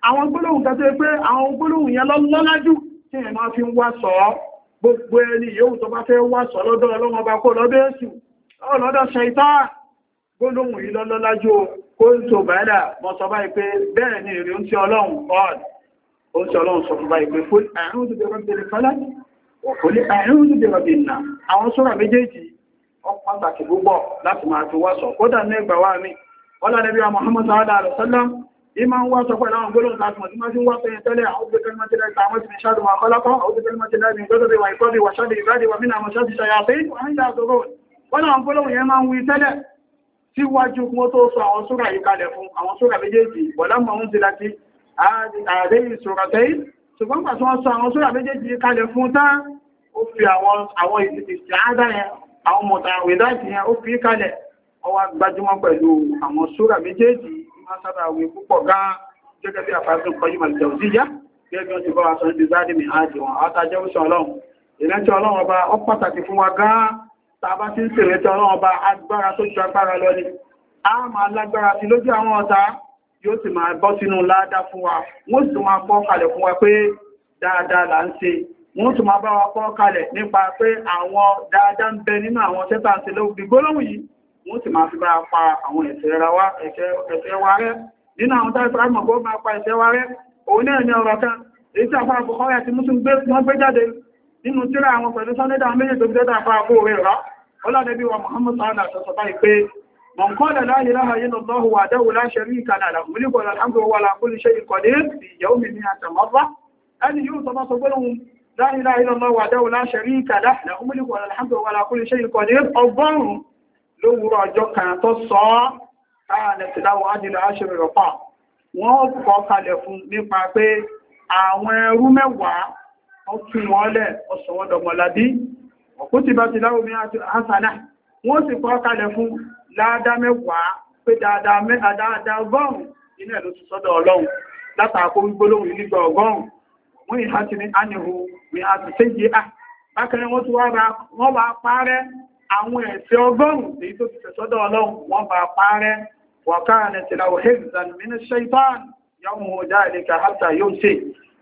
àwọn gbólóhùn kẹsẹ̀ pé àwọn gbólóhùn yẹn lọ́lájú tí ẹ̀ máa fi ń wá sọ gbogbo ẹni yóò tó bá fẹ́ wá sọ lọ́dọ̀ ọlọ́mọba kó kóńtò bàádà mọ́ sọ báyìí pé bẹ́ẹ̀ ni èrè oúnjẹ ọlọ́run ọ̀d oúnjẹ ọlọ́run sọ fún báyìí pé fún àrùn tó bẹ̀rẹ̀ bẹ̀rẹ̀ fọ́lá kò lè àrùn tó bẹ̀rẹ̀ bẹ̀rẹ̀ nà àwọn sọ́rọ̀ méjèèjì ó pàtàkì púpọ̀ láti máa fi wá sọ kódà ní ẹgbà wá mi ọlá nẹbí wa Muhammad sallallahu alaihi wasallam ìmọ̀ ń wá sọ pẹ̀lú àwọn gbólóhùn láti mọ̀ tí wọ́n ti ń wá sẹ́yìn tẹ́lẹ̀ tẹ́lẹ̀ àwọn ìsinmi síwájú mọ́ tó sọ àwọn sóra yìí kalẹ̀ fún àwọn sóra méjèèjì wọ̀lámọ̀ ń ti láti ààrẹ ìṣòro tẹ́yìn ṣùgbọ́n pàtí wọ́n sọ àwọn sóra méjèèjì kalẹ̀ fún tán ó fi àwọn ìsìnkì àádá yẹn àwọn mọ̀ta wẹ̀dáìtì yẹn ó fi kalẹ̀ ọwá gbajúmọ̀ pẹ̀lú àwọn sóra méjèèjì máa sábà wí púpọ̀ gan gẹ́gẹ́ bí àfáàfin kọjú màlìjẹ̀ òsíyá wa sọ ní bí záàdì mi àjò àtàjẹ́ òṣèlọ́run ìrántí tàbá tí ń tèrè tọrọ ọba agbára tó ju agbára lọ ni a máa lágbára sí lójú àwọn ọ̀tá yóò sì máa bọ́ sínú ládá fún wa wọ́n sì máa pọ́ kalẹ̀ fún wa pé dáadáa là ń ṣe wọ́n sì máa bá wa pọ́ kalẹ̀ nípa pé àwọn dáadáa ń bẹ nínú àwọn tẹ́tà ń ṣe lóbi gbólóhùn yìí wọ́n sì máa fi bá pa àwọn ẹ̀ṣẹ̀ wa rẹ́ nínú àwọn tàbí nínú tíra àwọn pẹ̀lú sọ́nẹ́dà méjì tó gẹ́dà pa àpò rẹ̀ rá ọlọ́dẹ́bí wa Muhammad sa'adà tó sọ báyìí pé man qala la ilaha illallah wahdahu la sharika lahu mulku wa alhamdu wa ala kulli shay'in qadir fi yawmin mi'ata marra ẹni yóò sọ bá sọ gbọ́lọ́hun la ilaha illallah wahdahu la sharika lahu mulku wa alhamdu wa ala kulli shay'in qadir ọgọ́rùn-ún lówùrọ̀ ọjọ́ kan tó sọ káàlẹ̀ tìláwọ̀ kalẹ̀ fún nípa pé àwọn ẹrú mẹ́wàá ó tún wọ́n lẹ̀ ọ̀sọ̀ wọn dọ̀mọ̀lábí ọ̀kútí bá ti láwọ́ mi hasana wọ́n sì kọ́ kalẹ̀ fún láàdá mẹ́wàá pé dáadáa mẹ́ta dáadáa ọgọ́rùn inú ẹ̀ ló ti sọ́dọ̀ ọlọ́run látàkó gbólóhùn ìlígbà ọgọ́rùn wọ́n ìhá ti ní ánìhù mi a ti séje à bákẹ́rẹ́ wọ́n tún wọ́n bá parẹ́ àwọn ẹ̀ṣẹ̀ ọgọ́rùn èyí tó ti sọ́dọ̀ ọlọ́run wọ́n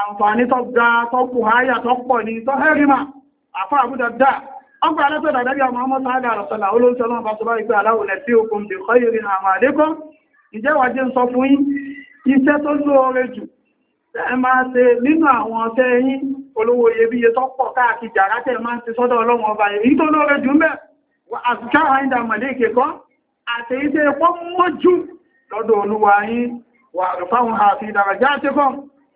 àǹfààní tó ga tó kù háyà tó pọ̀ ní tó hẹ́rìmà àfá àbúdà dá ọgbà alẹ́tọ̀ dàdábí àwọn ọmọ sáàdà àrọ̀sọ̀là olóńsọ́lọ́ bá sọ bá wípé aláwòlẹ̀ tí okùn lè kọ́ ìrì àwọn àdékọ́ ìjẹ́wà jẹ́ ń sọ fún yín iṣẹ́ tó lóore jù ẹ máa ṣe nínú àwọn ọṣẹ́ yín olówó iyebíye tó pọ̀ káàkiri jàrá tẹ́ máa ń ti sọ́dọ̀ ọlọ́run ọba èyí tó lóore jù ń bẹ̀ àtúkà àìdà mọ̀lẹ́kẹ̀ kan àfi ìdàràjá àtẹ́kọ̀ọ́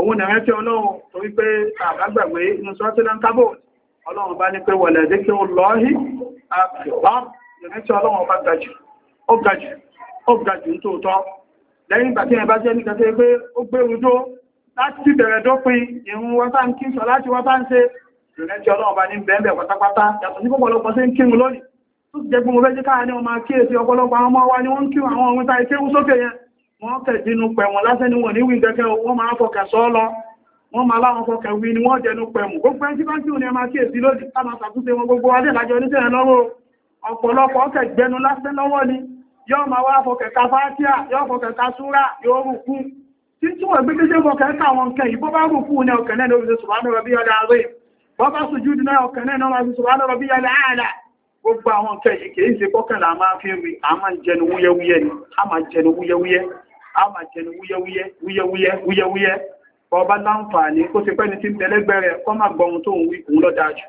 òun nà rántí ọlọ́run torí pé àbágbàgbé inú sọ́tílá ń kábò ọlọ́run bá ní pé wọ̀lẹ̀ dé kí ó lọ́ọ́hí ìrìnàjò ọlọ́run bá ní bẹ̀ẹ̀bẹ̀ pátápátá yàtọ̀ sí pọ̀pọ̀lọpọ̀ sí ń kírun lónìí tó ti jẹ́ gbogbo fẹ́ jí káà ní ọmọ kíyèsí ọ̀pọ̀lọpọ̀ àwọn ọmọ wa ni wọ́n ń kírun àwọn ohun ta ikéhun sókè yẹn wọ́n tẹ̀sínú pẹ̀ wọn lásán níwọ̀n ní wíńdẹ́kẹ́ wọ́n máa fọkà sọ́ lọ wọ́n máa láwọn fọkà wí ni wọ́n jẹnu pẹ̀ mù gbogbo ẹni tí bá ń tí ò ní ẹ máa kí èsì lódì tá máa ṣàtúnṣe wọn gbogbo adé lájọ oníṣẹ́ ẹ̀ lọ́wọ́ ọ̀pọ̀lọpọ̀ ọkẹ̀ gbẹnu lásán lọ́wọ́ ni yóò máa wá fọkẹ̀ ka fátíà yóò fọkẹ̀ ka súrà yóò rù kú tí tí wọ́n gbé kéṣe fọkẹ̀ ká àwọn nǹkan yìí bọ́ bá rù kọ́kànlá máa fi rí a máa jẹnu wúyẹwúyẹ ni a máa jẹnu wúyẹwúyẹ a máa jẹnu wúyẹ́wúyẹ́ wúyẹ́wúyẹ́ wúyẹ́wúyẹ́ ọba láǹfààní kó ti pẹ́ni tí ń tẹ́lẹ́gbẹ́ rẹ̀ kọ́ máa gbọ́n tó ń wí òun lọ́dá jù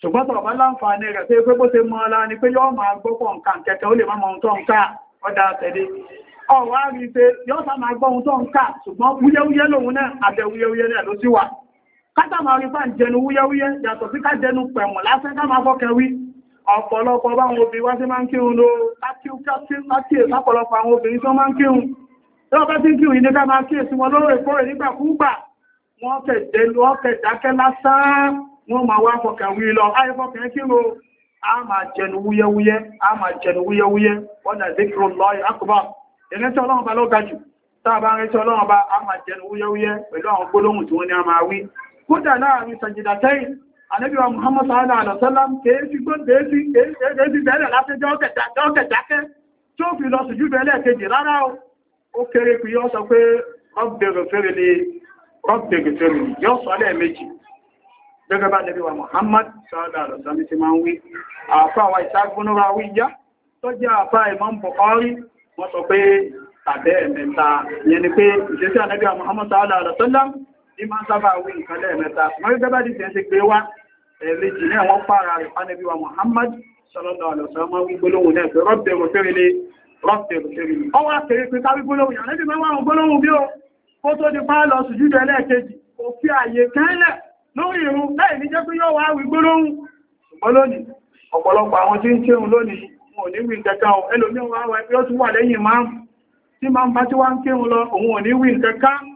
ṣùgbọ́n tọ̀ọ̀bá láǹfààní rẹ̀ tó pé bó ṣe mọ́ ọlá ni pé yọ́ máa gbọ́pọ̀ nǹkan kẹta ó lè máa mọ ohun tó ń ká ọ̀dà tẹ̀lé ọ̀wá rí pé yọ́ sá máa gbọ́ ohun tó ń ká ṣùgbọ́n wúyẹ́wúyẹ́ lòun náà àbẹ̀ wúyẹ́wúyẹ́ náà ló sì wà kátà máa rí fáà jẹnu wúyẹ́wúyẹ́ yàtọ̀ sí ká jẹnu pẹ̀wọ̀n lásán ká máa fọ́kẹ́ wí ọ̀pọ̀lọpọ̀ báwọn obìnrin wá sí máa ń kírun ló lápọ̀lọpọ̀ àwọn obìnrin tó máa ń kírun lọ́wọ́ bá tí ń kírun ìdẹ́ká máa kíyèsí wọn lóòrèkóòrè nígbàkúgbà wọ́n kẹ̀dẹ̀ lọ kẹ̀dákẹ́ lásán wọ́n máa wá fọkàn wí lọ ayẹ́fọkàn kírun a máa jẹnu wúyẹ́wúyẹ́ a máa jẹnu wúyẹ́wúyẹ́ wọ́n nà zikrun lọ akọ̀bọ̀ ìrẹsẹ̀ ọlọ́run bá ló ga jù tá a bá rẹsẹ̀ ọlọ́run bá a máa jẹnu wúyẹ́wúyẹ́ pẹ̀lú àwọn gbólóhùn tí wọ́n ní a máa wí kódà láàrin sàjìdàtẹ́yìn àlébíwa Muhammad sallallahu alaihi wasallam kèéfì gbọ́n kèéfì kèéfì bẹ̀rẹ̀ láti jọ́kẹ̀jákẹ́ tí ó fi lọ sí jù bẹ̀rẹ̀ kejì rárá ó kéré pí yọ́ sọ pé rọ́gbẹ̀gẹ̀fẹ́rẹ̀ ni yọ́ sọ lẹ́ẹ̀mejì gẹ́gẹ́ bá lẹ́bíwa Muhammad sallallahu alaihi wasallam ti máa ń wí àfáwà ìṣàgbónúra wíyá tó jẹ́ àfá Imam Bukhari wọ́n sọ pé tàbẹ́ ẹ̀mẹ́ta Muhammad sallallahu alaihi wasallam ní máa ń sábà wí nǹkan lẹ́ẹ̀mẹ́ta mọ́rí ẹ̀ẹ̀mejì náà wọ́n pààrà rẹ̀ fánẹ́bíwa Muhammad sallallahu alaihi wasallam wí gbólóhùn náà pé rọ́bẹ̀rù fẹ́rẹ̀lé rọ́bẹ̀rù fẹ́rẹ̀lé ọwọ́ àtẹ̀rí pé ká wí gbólóhùn yàn lẹ́bí mẹ́wàá gbólóhùn bí ó ní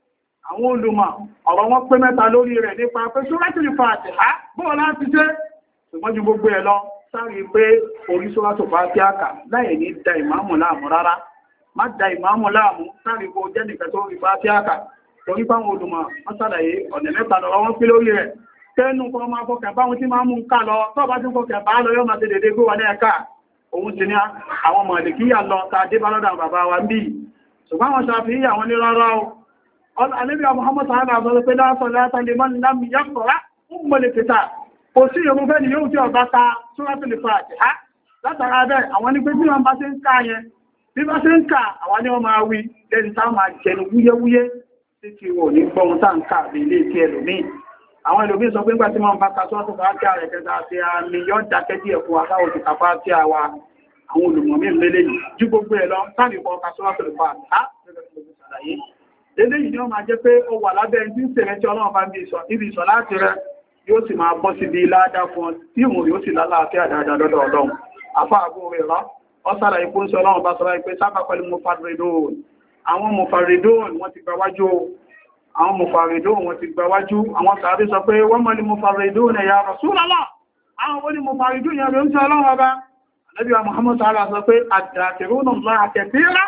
àwọn olùmọ̀ ọ̀rọ̀ wọn pé mẹ́ta lórí rẹ̀ nípa pé Suratul Fatiha bọ́ọ̀ láti ṣe ṣùgbọ́n ju gbogbo ẹ̀ lọ sáré pé orí Suratul Fatiha kà láì ní da ìmáàmù láàmú rárá má da ìmáàmù láàmú sáré kó jẹ́ nìkan tó rí Fatiha kà torí báwọn olùmọ̀ wọ́n sàlàyé ọ̀nà mẹ́ta lọ́rọ̀ wọn pé lórí rẹ̀ tẹ́nu kan máa fọkẹ̀ báwọn tí máa mú ń ká lọ tó bá tí ń fọkẹ̀ bá lọ yọ́ máa ti dèdè gbó wà ní ẹ̀ka òun ti ní àwọn mọ̀lẹ̀kíyà lọ ta dé bá lọ́dà bàbá wa ń bí ṣùgbọ́n àwọn ṣàfihàn àwọn ní rárá Ànábì Muhammad sàánà àbọ̀lẹ̀ pé láàpọ̀ látàlẹ̀ mọ́ lámì yàpọ̀lá ọmọlẹ̀ pẹ̀tà. Kò sí ìrun fẹ́ ni yóò tí ọba ta Suratul Fatiha. Látara bẹ́ẹ̀, àwọn ní pé bí wọ́n bá ṣe ń ká yẹn, bí bá ṣe ń ká àwọn ni wọ́n máa wí lẹ́ni tá máa jẹnu wúyẹ́wúyẹ́ tí kí wọ́n ní gbọ́n tá ń ká àbí ilé tí ẹlòmíì. Àwọn ẹlòmíì sọ pé nígbà tí wọ́n bá ka Suratul Fatiha rẹ̀ kẹta àti àmì yọ́ dákẹ́ díẹ̀ fún wa káwọn ti kàpá sí àwọn olùmọ̀mí lélẹ́yìn ju gbogbo ẹ̀ lọ sáàdì kọ́ ka eléyìí ni ó máa jẹ́ pé ó wà lábẹ́ ẹni tí ọlọ́run bá ń ibi ìsọ̀ láti rẹ yóò sì máa bọ́ sí bí ládá fún tí ìwọ̀n yóò sì lálàáfíà dáadáa lọ́dọ̀ ọlọ́run afọ́ àbú rẹ̀ rọ́ ọ sára ipò ń sọ ọlọ́run bá sọ́ra pé sábà pẹ̀lú mufaridon àwọn mufaridon wọ́n ti gbáwájú àwọn mufaridon wọ́n ti gbáwájú àwọn sàárè sọ pé wọ́n mọ́ ní mufaridon ẹ̀yà Rasulullah àwọn wọ́n ní mufaridon yẹn ló ń sọ ọlọ́run ọba àlẹ́bíwá Muhammad sọ́ra sọ pé àdàkẹ̀rún náà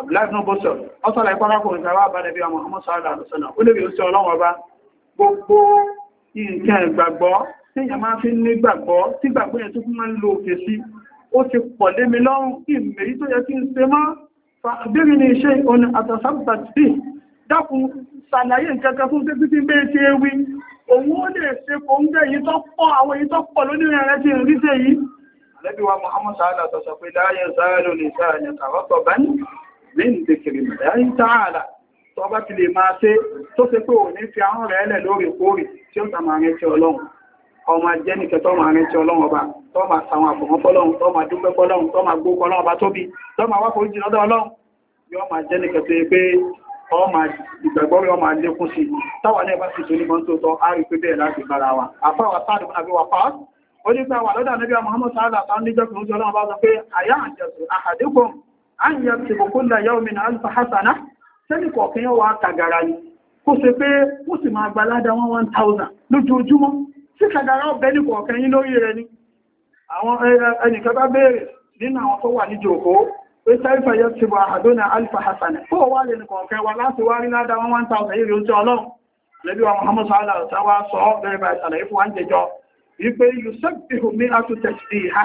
abdullahi bọ́sọ̀ ọ́sọ̀lá ìpárákùnrin tàbí àbádẹ́bí ọmọ ọmọ sáàdà àlùsọ́nà ó lébi oṣù ọlọ́run ọba gbogbo nǹkan ìgbàgbọ́ tí èèyàn máa fi ní gbàgbọ́ tí gbàgbọ́ yẹn tó fún máa ń lo òkè sí ó ti pọ̀ lé mi lọ́rùn kí mèrí tó yẹ kí n ṣe mọ́ bíbi ní iṣẹ́ òní àtàsábàtì dákun ṣàlàyé nǹkan kan fún títí tí bẹ́ẹ̀ ti wí òun ó lè ṣe kò ń gẹ̀yìn tó pọ̀ àwọn èyí tó pọ̀ lónìí rẹ̀ ti ń rí sí èyí. àlẹ́bí wa muhammad sallallahu alaihi wa sallam pé láyé sáà lónìí sáà ní ní ìdíkiri mẹ́rin tààlà tó bá ti lè máa ṣe tó ṣe pé ò ní fi ahọ́n rẹ̀ lẹ̀ lórí kórì tí ó tàmà rẹ̀ tí ọlọ́run ọmọ jẹ́nìkẹ́ tó máa rẹ̀ tí ọlọ́run ọba tó máa sàwọn àpòmọ́ fọ́lọ́run tó máa dúpẹ́ fọ́lọ́run tó máa gbókọ́ ọlọ́run ọba tóbi tó máa wákò jìnà ọdọ́ ọlọ́run yóò máa jẹ́nìkẹ́ tó yẹ pé ọmọ ìgbàgbọ́rí ọmọ àlékún sí táwà náà bá sì tó ní mọ́tò tọ́ àrí pé bẹ́ẹ̀ láti bára wa àfáwà sáàdùn àbí wà fáà ó ní pé àwà lọ́dà níbi ọmọ ọmọ sáàdà tán níjọ́ kìí a ń yẹ tìbùkúnlẹ̀ yóò mi náà alfa hasana sẹ́nì kọ̀ọ̀kan yóò wá kàgàrà yìí kó ṣe pé ó sì máa gbalada wọn one thousand lójoojúmọ́ sí kàgàrà ọ̀bẹ ní kọ̀ọ̀kan yín lórí rẹ ni àwọn ẹnìkan bá béèrè nínú àwọn tó wà ní jòkó pé sáífà yẹ tìbù àhàdónà alfa hasana kó wà lè ní kọ̀ọ̀kan wa láti wá rí ládá wọn one thousand yìí rí oúnjẹ ọlọ́run lẹ́bí wa muhammad sallallahu alaihi wa sọ bẹ́ẹ̀ bá ìsàlẹ̀ ìfún wa ń jẹjọ wípé yusuf bihumi atutẹ̀sí ha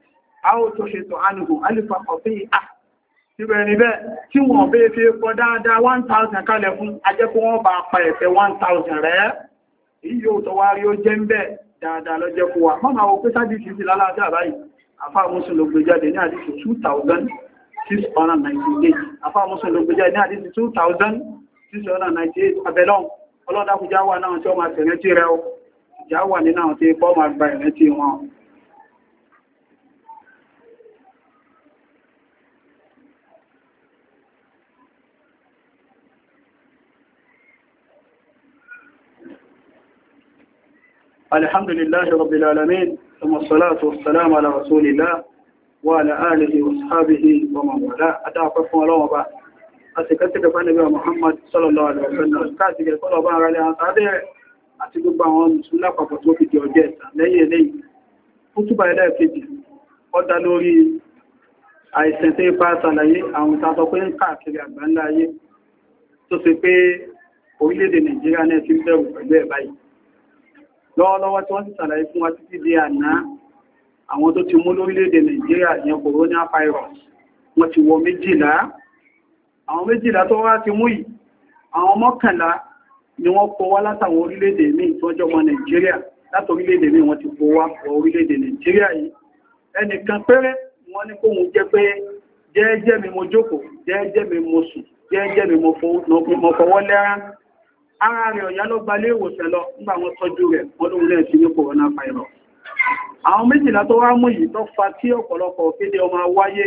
àwọn tó ṣe tọ̀ ánùgbò alifakọ̀ fi à síbẹ̀ ní bẹ́ẹ̀ tí wọ́n bẹ́ fi pọ̀ dáadáa 1000 kalẹ̀ fún ajẹ́kọ́ wọ́n bá pa ẹ̀fẹ́ 1000 rẹ̀ èyí yóò tọ́ wá rí ó jẹ́ ń bẹ́ dáadáa lọ́jẹ́ kó wa mọ́mà wo pé sáàdì sí sí lálàájá báyìí àfáà mùsùn ló gbé jáde ní àdìsí 2698 àfáà mùsùn ló gbé jáde ní àdìsí 2698 abẹ́lọ́n ọlọ́dàkùjá wà náà tí ó máa tẹ̀rẹ́ tí rẹ̀ ó ìjà wà nínú àwọn tí ó máa gba ìrẹ́ tí wọn الحمد لله رب العالمين ثم الصلاة والسلام على رسول الله وعلى آله وصحابه ومن والاه أتعففوا الله وبعد أتكتك فنبي محمد صلى الله عليه وسلم كاتك القول وبعد على أصحابه أتكتك بهم بسم الله فقطوك جوجيس لي لي خطبة إلى كجي ọdá lórí àìsàn tí ipa sàlàyé àwọn ìtàtọ̀ pé ń káàkiri àgbà orílẹ̀-èdè Nàìjíríà náà ti bẹ̀rù pẹ̀lú ẹ̀ báyìí lọ́wọ́lọ́wọ́ tí wọ́n sì sàlàyé fún wa títí di àná àwọn tó ti mú lórílẹ̀-èdè Nàìjíríà yẹn corona virus wọ́n ti wọ méjìlá àwọn méjìlá tó wá ti mú yìí àwọn mọ́kànlá ni wọ́n kó wá látàwọn orílẹ̀-èdè míì tó jọmọ Nàìjíríà láti orílẹ̀-èdè míì wọ́n ti kó wá wọ orílẹ̀-èdè Nàìjíríà yìí ẹnìkan péré wọ́n ní kóhun jẹ́ pé jẹ́ẹ́jẹ́ mi mo jókòó jẹ́ẹ́jẹ́ mi mo sùn jẹ́ẹ́jẹ́ mi mo fọwọ́ lẹ́rán ara rẹ̀ ọ̀yá ló gbalé ìwòsàn lọ nígbà wọn tọ́jú rẹ̀ ọdún rẹ̀ sí ní corona virus àwọn méjìlá tó wá mú yìí tó fa tí ọ̀pọ̀lọpọ̀ kéde ọmọ wáyé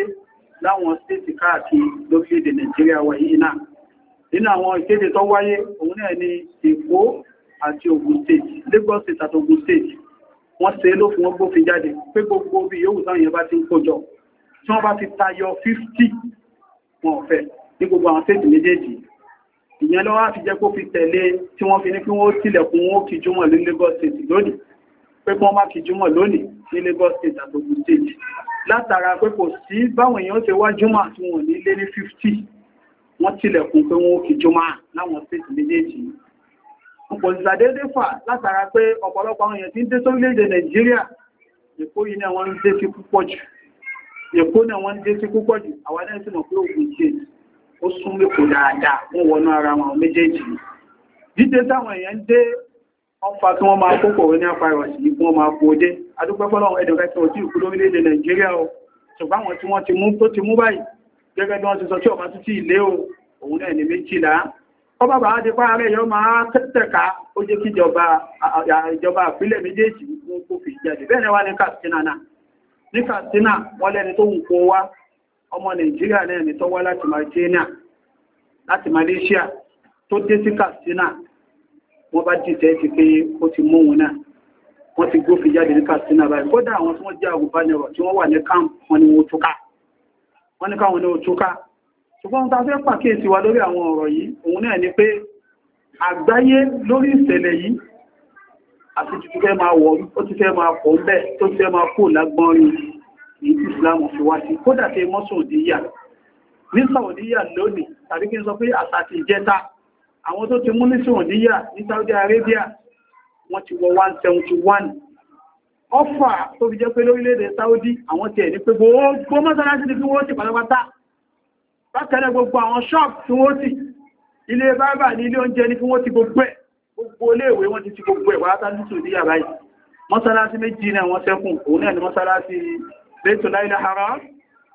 láwọn stéètì káàkiri lórílẹ̀-èdè nàìjíríà wà yìí náà nínú àwọn ìkéde tó wáyé òun náà ni èkó àti Ògùn state Lagos state àti Ògùn state wọ́n ṣe ló fún wọn gbófin jáde pé gbogbo bí yóò táwọn yẹn bá ti ń kójọ tí wọ́n bá ti tayọ 50 wọn ọ̀fẹ́ ní gbogbo àwọn state méjèèjì ìyẹn ló wá fi jẹ́ kó fi tẹ̀lé tí wọ́n fi ní kí wọ́n tilẹ̀kùn wọn kí júmọ̀ ní Lagos State lónìí pé kí wọ́n má kí júmọ̀ lónìí ní Lagos State àtògùn state látara pé kò sí báwọn èèyàn ṣe wá júmọ̀ tí wọ́n ní lé ní 50 wọ́n tilẹ̀kùn pé wọ́n kí júmọ̀ láwọn state méjèèjì ọ̀pọ̀ ìsàdédé fà látara pé ọ̀pọ̀lọpọ̀ àwọn èèyàn tí ń dé sórílẹ̀-èdè Nàìjíríà Èkó yìí ni àwọn ń dé sí púpọ̀ jù Èkó ni àwọn ń dé sí púpọ̀ jù àwọn ẹ̀sìn mọ̀ pé ògùn state ó sún lèkò dáadáa wọ́n wọnú ara wọn méjèèjì dídé táwọn èèyàn dé ọfà tí wọ́n máa kókò ní àpáyọ̀sí kí wọ́n máa kó dé adúgbẹ́fọ́lọ́wọ́n ẹ̀dọ̀kẹ́kẹ́ òtí ìkú lórílẹ̀-èdè nàìjíríà o ṣùgbọ́n àwọn tí wọ́n ti mú tó ti mú báyìí gẹ́gẹ́ bí wọ́n ti sọ tí ọba títí ilé o òun náà ní méjìlá ọba bàá di pa ààrẹ yóò máa tẹ́tẹ̀ka ó jẹ́ kí ìjọba àpilẹ̀ méjèèjì ń kó fi jáde bẹ́ẹ̀ ni wá ní Katsina náà ní Katsina wọ́n lẹ́ni tó ń kó wá ọmọ Nàìjíríà náà ni tó wá láti Mauritania láti Malaysia tó dé sí Katsina wọ́n bá dìtẹ́ ti pé ó ti mú òun náà wọ́n ti gbófin jáde ní Katsina báyìí kódà àwọn tí wọ́n jẹ́ àgùnbánirọ̀ tí wọ́n wà ní camp wọn ni wọ́n túká wọ́n ní káwọn ní wọ́n túká ṣùgbọ́n ta fẹ́ pàkíyèsí wa lórí àwọn ọ̀rọ̀ yìí òun náà ni pé àgbáyé lórí ìṣẹ̀lẹ̀ yìí àti tuntun fẹ́ máa wọ̀ ó ti fẹ́ máa pọ̀ ń bẹ́ẹ̀ tó ti fẹ́ máa kó lágbọ́n rí ìtì ìsìláàmù fi wá sí kódà kí mọ́ sòdíyà ní sòdíyà lónìí tàbí kí n sọ pé àtàkì ìjẹta àwọn tó ti mú ní sòdíyà ní Saudi Arabia wọ́n ti wọ 171 ọfà tó fi jẹ́ pé lórílẹ̀-èdè Saudi àwọn tiẹ̀ ní pé gbogbo mọ́sálásí ti fi wọ́n ti pátápátá bákanáà gbogbo àwọn ṣọ́ọ̀pù tí wọ́n ti ilé bábà ní ilé oúnjẹ ní kí wọ́n ti gbogbo ẹ̀ gbogbo iléèwé wọ́n ti ti gbogbo ẹ̀ wáátá ní sòdíyà báyìí mọ́sálásí méjì náà wọ́n ṣẹ́kùn òun náà ni mọ́sálásí bẹ́ẹ̀tù láìlẹ̀ haram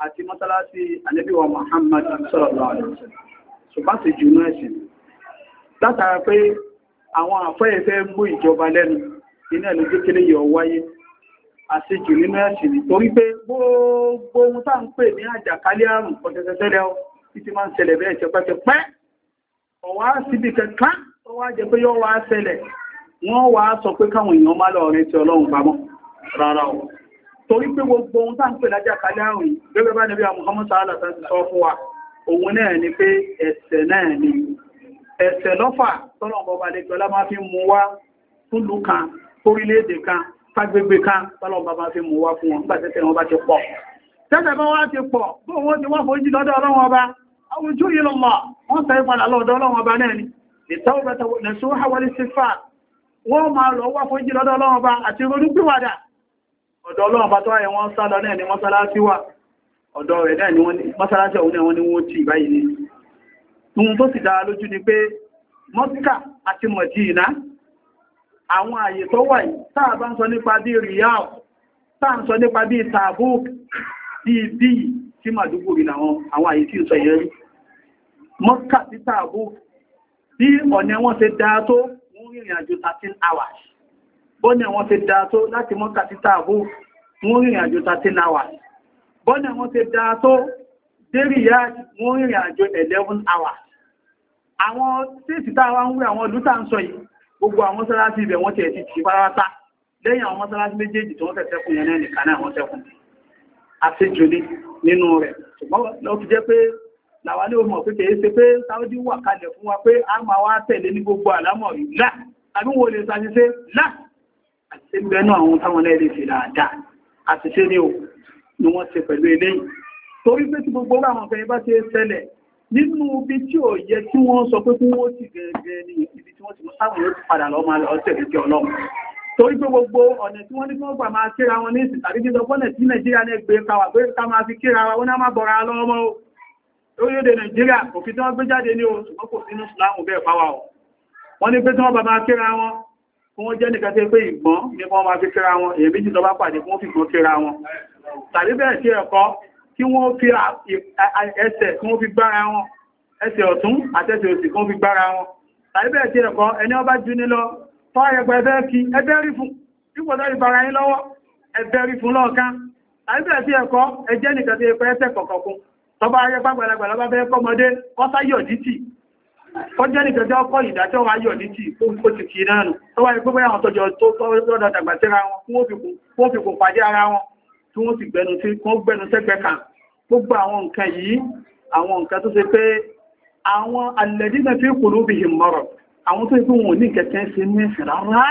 àti mọ́sálásí alẹ́bíwa Muhammad sallallahu alaihi wasallam ṣùgbọ́n ti jù náà sí látara pé àwọn àfẹ́ẹ̀fẹ́ mú ìjọba lẹ́nu iná ìlú kékeré yọ wáyé àti jù nínú ẹ̀sìn torí pé gbogbo ohun tá ń pè ní àjàkálẹ̀ àrùn pọ̀tẹ̀tẹ̀tẹ̀lẹ̀ títí máa ń ṣẹlẹ̀ bẹ́ẹ̀ tẹpẹ́tẹpẹ́ ọ̀wá síbi kankan tó wá jẹ pé yọ́ wá torí pé gbogbo ohun táà ń pè lájà kalẹ̀ àrùn yìí gẹ́gẹ́ bá níbi àmúhàmọ́ sàálà tán ti sọ fún wa òun náà ni pé ẹ̀ṣẹ̀ náà ni ẹ̀ṣẹ̀ lọ́fà tọ́lọ̀ ọba adéjọlá máa fi mú wá túlù kan orílẹ̀-èdè kan fágbègbè kan tọ́lọ̀ ọba máa fi mú wá fún wọn nígbà tẹ́tẹ́ wọn bá ti pọ̀ tẹ́tẹ́ bá wá ti pọ̀ bó wọn ti wá foríjì lọ́dọ̀ ọlọ́run ọba àwọn ojú yìí lọ́mọ wọ́n sẹ́yìn padà lọ́dọ̀ ọlọ́run ọba náà ni ìtọ́wọ́ bẹ̀tẹ̀ nẹ̀sùn háwọlé sí fà wọ́n máa lọ wá foríjì lọ́dọ̀ ọlọ́run ọba àti ronúpìwàdà ọ̀dọ̀ ọlọ́run bá tó ayẹ wọ́n sálọ náà ni mọ́sálásí wà ọ̀dọ̀ rẹ̀ náà ni mọ́sálásí ọ̀hún náà wọ́n ni wọ́n ti ìbáyìí ni ohun tó sì dára lójú ni pé mọ́síkà àti mọ̀dínà àwọn àyè tó wà yìí táà bá ń sọ nípa bí riyal táà ń sọ nípa bí tabuk bí bí tí màdúgbòrì làwọn àwọn àyè tí ń sọ ìyẹn rí mọ́síkà sí tabuk bí ọ̀nà wọn ṣe dáa tó 13 hours bọ́nà wọn ti dáa tó láti mọ́ta títà àbú wọ́n rìnrìn àjò 13 hours bọ́nà wọn ti dáa tó dérìyà wọ́n rìnrìn àjò 11 hours àwọn tíìsì táwa ń wé àwọn ìlú tà ń sọ yìí gbogbo àwọn mọ́sálásí ibẹ̀ wọ́n ti ẹ̀ ti tì pátápátá lẹ́yìn àwọn mọ́sálásí méjèèjì tó wọ́n tẹ̀ sẹ́kùn yẹn náà nìkan náà wọ́n sẹ́kùn àṣejù ní nínú rẹ̀ ṣùgbọ́n lọ fi jẹ́ pé làwa ní òmò pé kèé ṣe pé sáwọ́dí wà kalẹ̀ fún wa pé a máa wá tẹ̀lé ní gbogbo àlámọ̀ yìí láà àbí wo lè ṣàṣiṣe láà àti bẹnu àwọn táwọn lẹ́rẹ̀ fi dáadáa àti ṣe ní o ni wọ́n ṣe pẹ̀lú eléyìí torí pé tí gbogbo àwọn ọ̀fẹ́ bá ṣe ṣẹlẹ̀ nínú ibi tí ò yẹ tí wọ́n sọ pé fún wọ́n ti gẹ̀ẹ́gẹ́ ní ibi tí wọ́n ti mọ́ sáwọn yóò ti padà lọ máa lọ tẹ̀lé tí ọlọ́run torí pé gbogbo ọ̀nà tí wọ́n ní kí wọ́n gbà máa kíra wọn ní ìsìn tàbí jíjọ pọ́nà tí nàìjíríà ní ẹgbẹ́ kawà pé ká máa fi kíra wa wọ́n á máa bọ̀ra lọ́wọ́ lórílẹ̀-èdè nàìjíríà òfin tí wọ́n gbé jáde ní oṣù mọ́kò sínú ìsìláàmù bẹ́ẹ̀ fáwà ọ̀ wọ́n ní pé tí wọ́n bá kíra wọn kí wọ́n jẹ́ nìkan tí pé ìgbọ́n ní wọ́n máa fi kíra wọn èyàn méjì lọ bá pàdé kí wọ́n fi gbọ́n kíra wọn tàbí bẹ́ẹ̀ sí ẹ̀kọ́ kí wọ́n fi ẹsẹ̀ kí wọ́n fi gbára wọn ẹsẹ̀ ọ̀tún àtẹsẹ̀ òsì kí wọ́n fi gbára wọn tàbí bẹ́ẹ̀ sí ẹ̀kọ́ ẹni ọba jù ní lọ tọ́ ẹgbẹ́ ẹbẹ́ kí ẹbẹ́ rí fún dípò tó ìbára yín lọ́wọ́ ẹbẹ́ rí fún lọ́ọ̀kan tàbí bẹ́ẹ̀ sí ẹ̀kọ́ ẹjẹ́ nìkan tí pé ẹsẹ̀ kọ̀kọ̀kun tọba ayẹpá gbàlagbà lọ́ba bẹ́ẹ̀ kọ́mọdé kọ́sáyọ̀ dítì kọjẹ́ ní kẹjọ́ ọkọ̀ ìdájọ́ ayọ̀ ní ó ti kì náà nù tó wáyé pé báyàwọn tọ́jọ́ tó tọ́jọ́ dàgbà síra wọn wọ́n fi kò pàdé ara wọn tí wọ́n sì gbẹnu sí kọ́ gbẹnu sẹ́gbẹ́ kan gbogbo àwọn nǹkan yìí àwọn nǹkan tó ṣe pé àwọn alẹ́dínà fi kùnú bí ìmọ̀rọ̀ àwọn tó ikú wọn ní kẹ̀kẹ́ sí ní rárá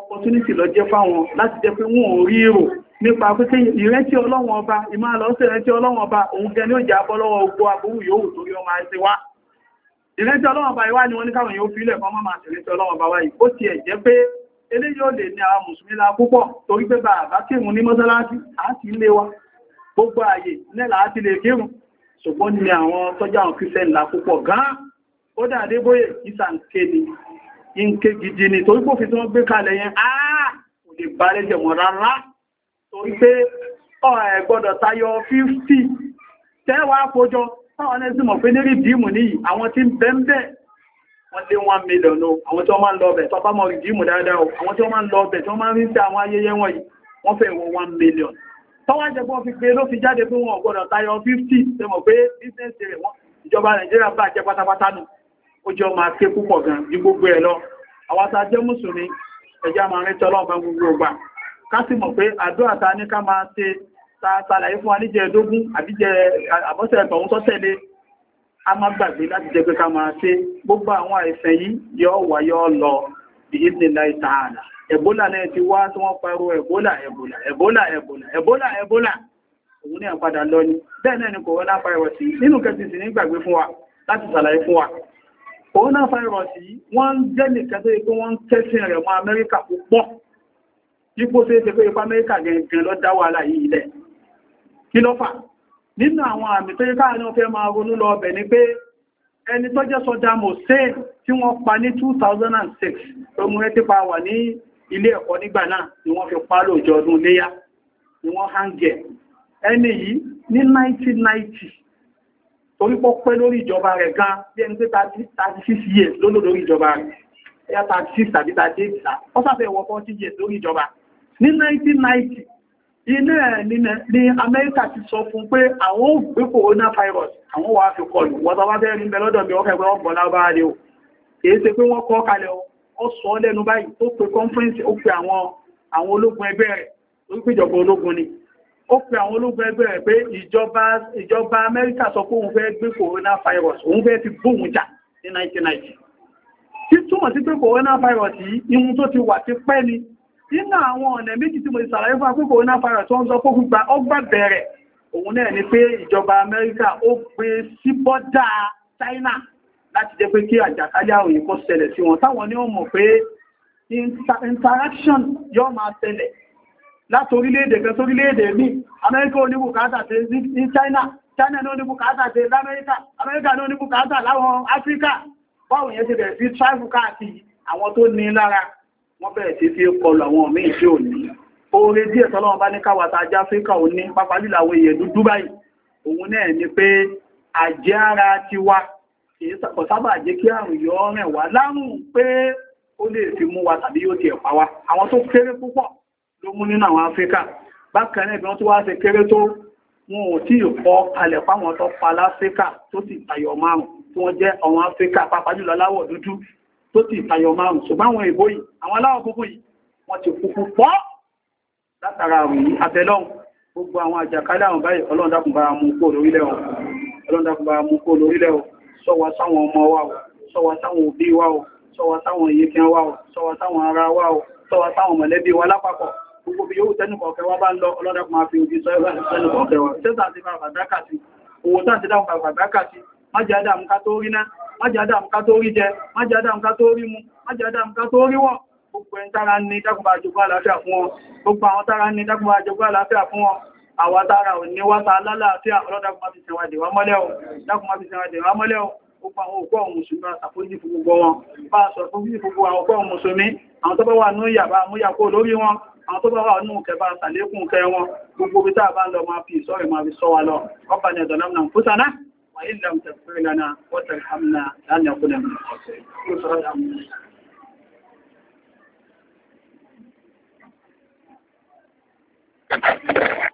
opportunity lọ jẹ́ fáwọn láti jẹ́ pé wọn ò rí èrò nípa pípé ìrètí ọlọ́wọ́n ọba ìmáàlọ́sẹ̀ ìrètí ọlọ́wọ́n ọba òun gẹ ní òjà bọ́ lọ́wọ́ ogbó aburú yòówù torí ọmọ àti ìrẹ́jọ́ ọlọ́wọ̀n bá ìwá ni wọ́n ní káwọn yóò fílẹ̀ fọ́n máa tẹ̀lẹ́tẹ̀ ọlọ́wọ̀n bá wáyìí ó ti ẹ̀jẹ́ pé eléyìí ó lè ní àwọn mùsùlùmí la púpọ̀ torí pé bàbá kírun ní mọ́sálásí àti ilé wa gbogbo ààyè nílà àti lè kírun ṣùgbọ́n ni àwọn tọ́jà àwọn kìfẹ́ ńlá púpọ̀ gan-an ó dàdé bóyè ìsà ń ké ni ń ké gidi ni torí pòfin tí wọ́n gbé kalẹ̀ yẹn áà kò lè bá lẹ́jẹ̀ wọn rárá torí pé ọ̀ ẹ̀ gbọ́dọ̀ tayọ 50 tẹ́wàá kójọ táwọn ẹni sí mọ̀ pé lérí dìímù ní àwọn tí ń bẹ́ẹ̀bẹ́ wọ́n lé wọn mílíọ̀n ní àwọn tí wọ́n máa ń lọ bẹ̀ tọ́pá mọ̀ rí dìímù dáadáa o àwọn tí wọ́n máa ń lọ bẹ̀ tí wọ́n máa ń rí sí àwọn ayẹyẹ wọn yìí wọ́n fẹ́ wọ 1 million tọ́wọ́ jẹ́gbọ́n fi pé ló fi jáde pé wọn ọ̀gbọ́dọ̀ tayọ 50 ṣe mọ̀ pé business rẹ̀ wọ́n ìjọba Nàìjíríà bá jẹ́ pátápátá nù ó jọ máa ké púpọ̀ gan ju gbogbo ẹ̀ lọ àwọn ata jẹ́ mùsùlùmí ẹ̀já máa rìn tọ́lọ́ ṣàlàyé fún wa ní jẹ́ẹ̀dógún àbí jẹ́ àbọ́sẹ̀ ẹ̀tọ̀hún tó tẹ̀lé a má gbàgbé láti jẹ́ pé ká máa ṣe gbogbo àwọn àìsàn yìí yọ wà yọ lọ bí ìdílé ta'ala ẹ̀bólà náà ti wá tí wọ́n parọ́ ẹ̀bólà ẹ̀bólà ẹ̀bólà ẹ̀bólà ẹ̀bólà ẹ̀bólà òun ní àpadà lọ ni bẹ́ẹ̀ náà ni corona virus nínú kẹsì sí ní gbàgbé fún wa láti ṣàlàyé fún wa pé ipa Amẹ́ríkà gẹ̀ẹ́gẹ̀ẹ́ lọ dá wàhálà yìí ilẹ̀ kí ló fà nínú àwọn àmì tó yẹ káà ní ọfẹ́ máa ronú lọ ọbẹ̀ ni pé ẹni tó jẹ́ Saddam Hussein tí wọ́n pa ní 2006 tó mú rẹ́tí pa wà ní ilé ẹ̀kọ́ nígbà náà ni wọ́n fi pa lóòjọ́ ọdún léyà ni wọ́n hangẹ̀ ẹni yìí ní 1990 torí pọ́ pẹ́ lórí ìjọba rẹ̀ gan bí ẹni pé 36 years lólò lórí ìjọba rẹ̀ ẹ̀yà 36 tàbí 38 ó sáfẹ́ 40 years lórí ìjọba ní 1990 iná ní Amẹ́ríkà ti sọ fún pé àwọn ò gbé coronavirus àwọn wà fi kọlù wọ́n tọ́wọ́ bẹ́ẹ̀ rí mẹ́lọ́dọ̀ mi ọkẹ́ pé ọgbọ̀n lábára lé o kìí ṣe pé wọ́n kọ́ kalẹ̀ ọ sọ lẹ́nu báyìí ó pe conference ó pe àwọn ológun ẹgbẹ́ rẹ̀ ó pè ìjọba ológun ni ó pe àwọn ológun ẹgbẹ́ rẹ̀ pé ìjọba Amẹ́ríkà sọ pé òun fẹ́ gbé coronavirus òun fẹ́ ti bóun jà nínú àwọn ọ̀nà méjì tí mo ti sàlàyé fún akókò oná fara tó ń sọ fún gbígba ọgbà bẹ̀rẹ̀ òun náà ni pé ìjọba Amẹ́ríkà ó gbé sí bọ́dà China láti jẹ́ pé kí àjàkálẹ̀ àrùn yìí kó ṣẹlẹ̀ sí wọn táwọn ní ó pé interaction yóò máa ṣẹlẹ̀ láti orílẹ̀-èdè kan sórílẹ̀-èdè míì Amẹ́ríkà ó ní bùkátà sí ní China China ní ó ní bùkátà sí l'Amẹ́ríkà Amẹ́ríkà ní ó ní bùkátà láwọn Áfíríkà báwọn yẹn ti bẹ̀rẹ̀ sí tráfù káàkiri àwọn tó ní lára wọ́n bẹ̀rẹ̀ sí fi kọlu àwọn míì tí ò ní oore díẹ̀ tọ́lọ́wọ́n bá ní káwàtà ajá áfíríkà ò ní pápá lílà àwọn èèyàn dúdú báyìí òun náà ni pé àjẹ́ ara ti wa kò sábà jẹ́ kí àrùn yọ rẹ̀ wá lárùn pé ó lè fi mú wa tàbí yóò ti ẹ̀pá wa àwọn tó kéré púpọ̀ ló mú nínú àwọn áfíríkà bákan náà bí wọ́n tó wá ṣe kéré tó wọn ò tí ì kọ́ kalẹ̀ fáwọn tó pa láfíríkà tó sì tayọ̀ márùn tí wọ́n jẹ́ àwọn áfíríkà pàápàá jùlọ láwọ̀ dúdú tó ti ìtayọ márùn ṣùgbọ́n àwọn ìbò yìí àwọn aláwọ̀ gbogbo yìí wọ́n ti kúkú pọ́ látara àrùn yìí abẹ́lọ́hùn gbogbo àwọn àjàkálẹ̀ àwọn báyìí ọlọ́run dákun bá mú kó lórílẹ̀ o ọlọ́run dákun bá mú kó lórílẹ̀ o sọ wá sáwọn ọmọ wa o sọ wá sáwọn òbí wa o sọ wá sáwọn ìyẹ́kẹ́ wa o sọ wá sáwọn ará wa o sọ wá sáwọn mọ̀lẹ́bí wa lápapọ̀ gbogbo bí yóò tẹ́nukọ̀ọ́kẹ́ wa bá ń lọ ọlọ́run dákun máa fi òbí sọ ẹgbẹ́ tẹ́nukọ̀ọ́kẹ́ májàdá mú ká tó rí jẹ májàdá mú ká tó rí mu májàdá mú ká tó rí wọ̀ gbogbo ẹni tára ní dákùnbà àjògbà àlàáfíà fún wọn gbogbo àwọn tára ní dákùnbà àjògbà àlàáfíà fún wọn àwa tára ò ní wá ta lálàáfíà ọlọ́dàkùnmá fi sẹ̀wà dèwà mọ́lẹ́ o dákùnmá fi sẹ̀wà dèwà mọ́lẹ́ o gbogbo àwọn òkú àwọn mùsùlùmí àtàkójì fún gbogbo wọn bá a sọ fún gbogbo àwọn òkú àwọn wà ní ìyàbá múyàkó lórí wọn àwọn tó wà nínú kẹba àtàlékùn kẹ wọn gbogbo bí tá وإن لم تغفر لنا وترحمنا لن نكون من الخاسرين Thank you.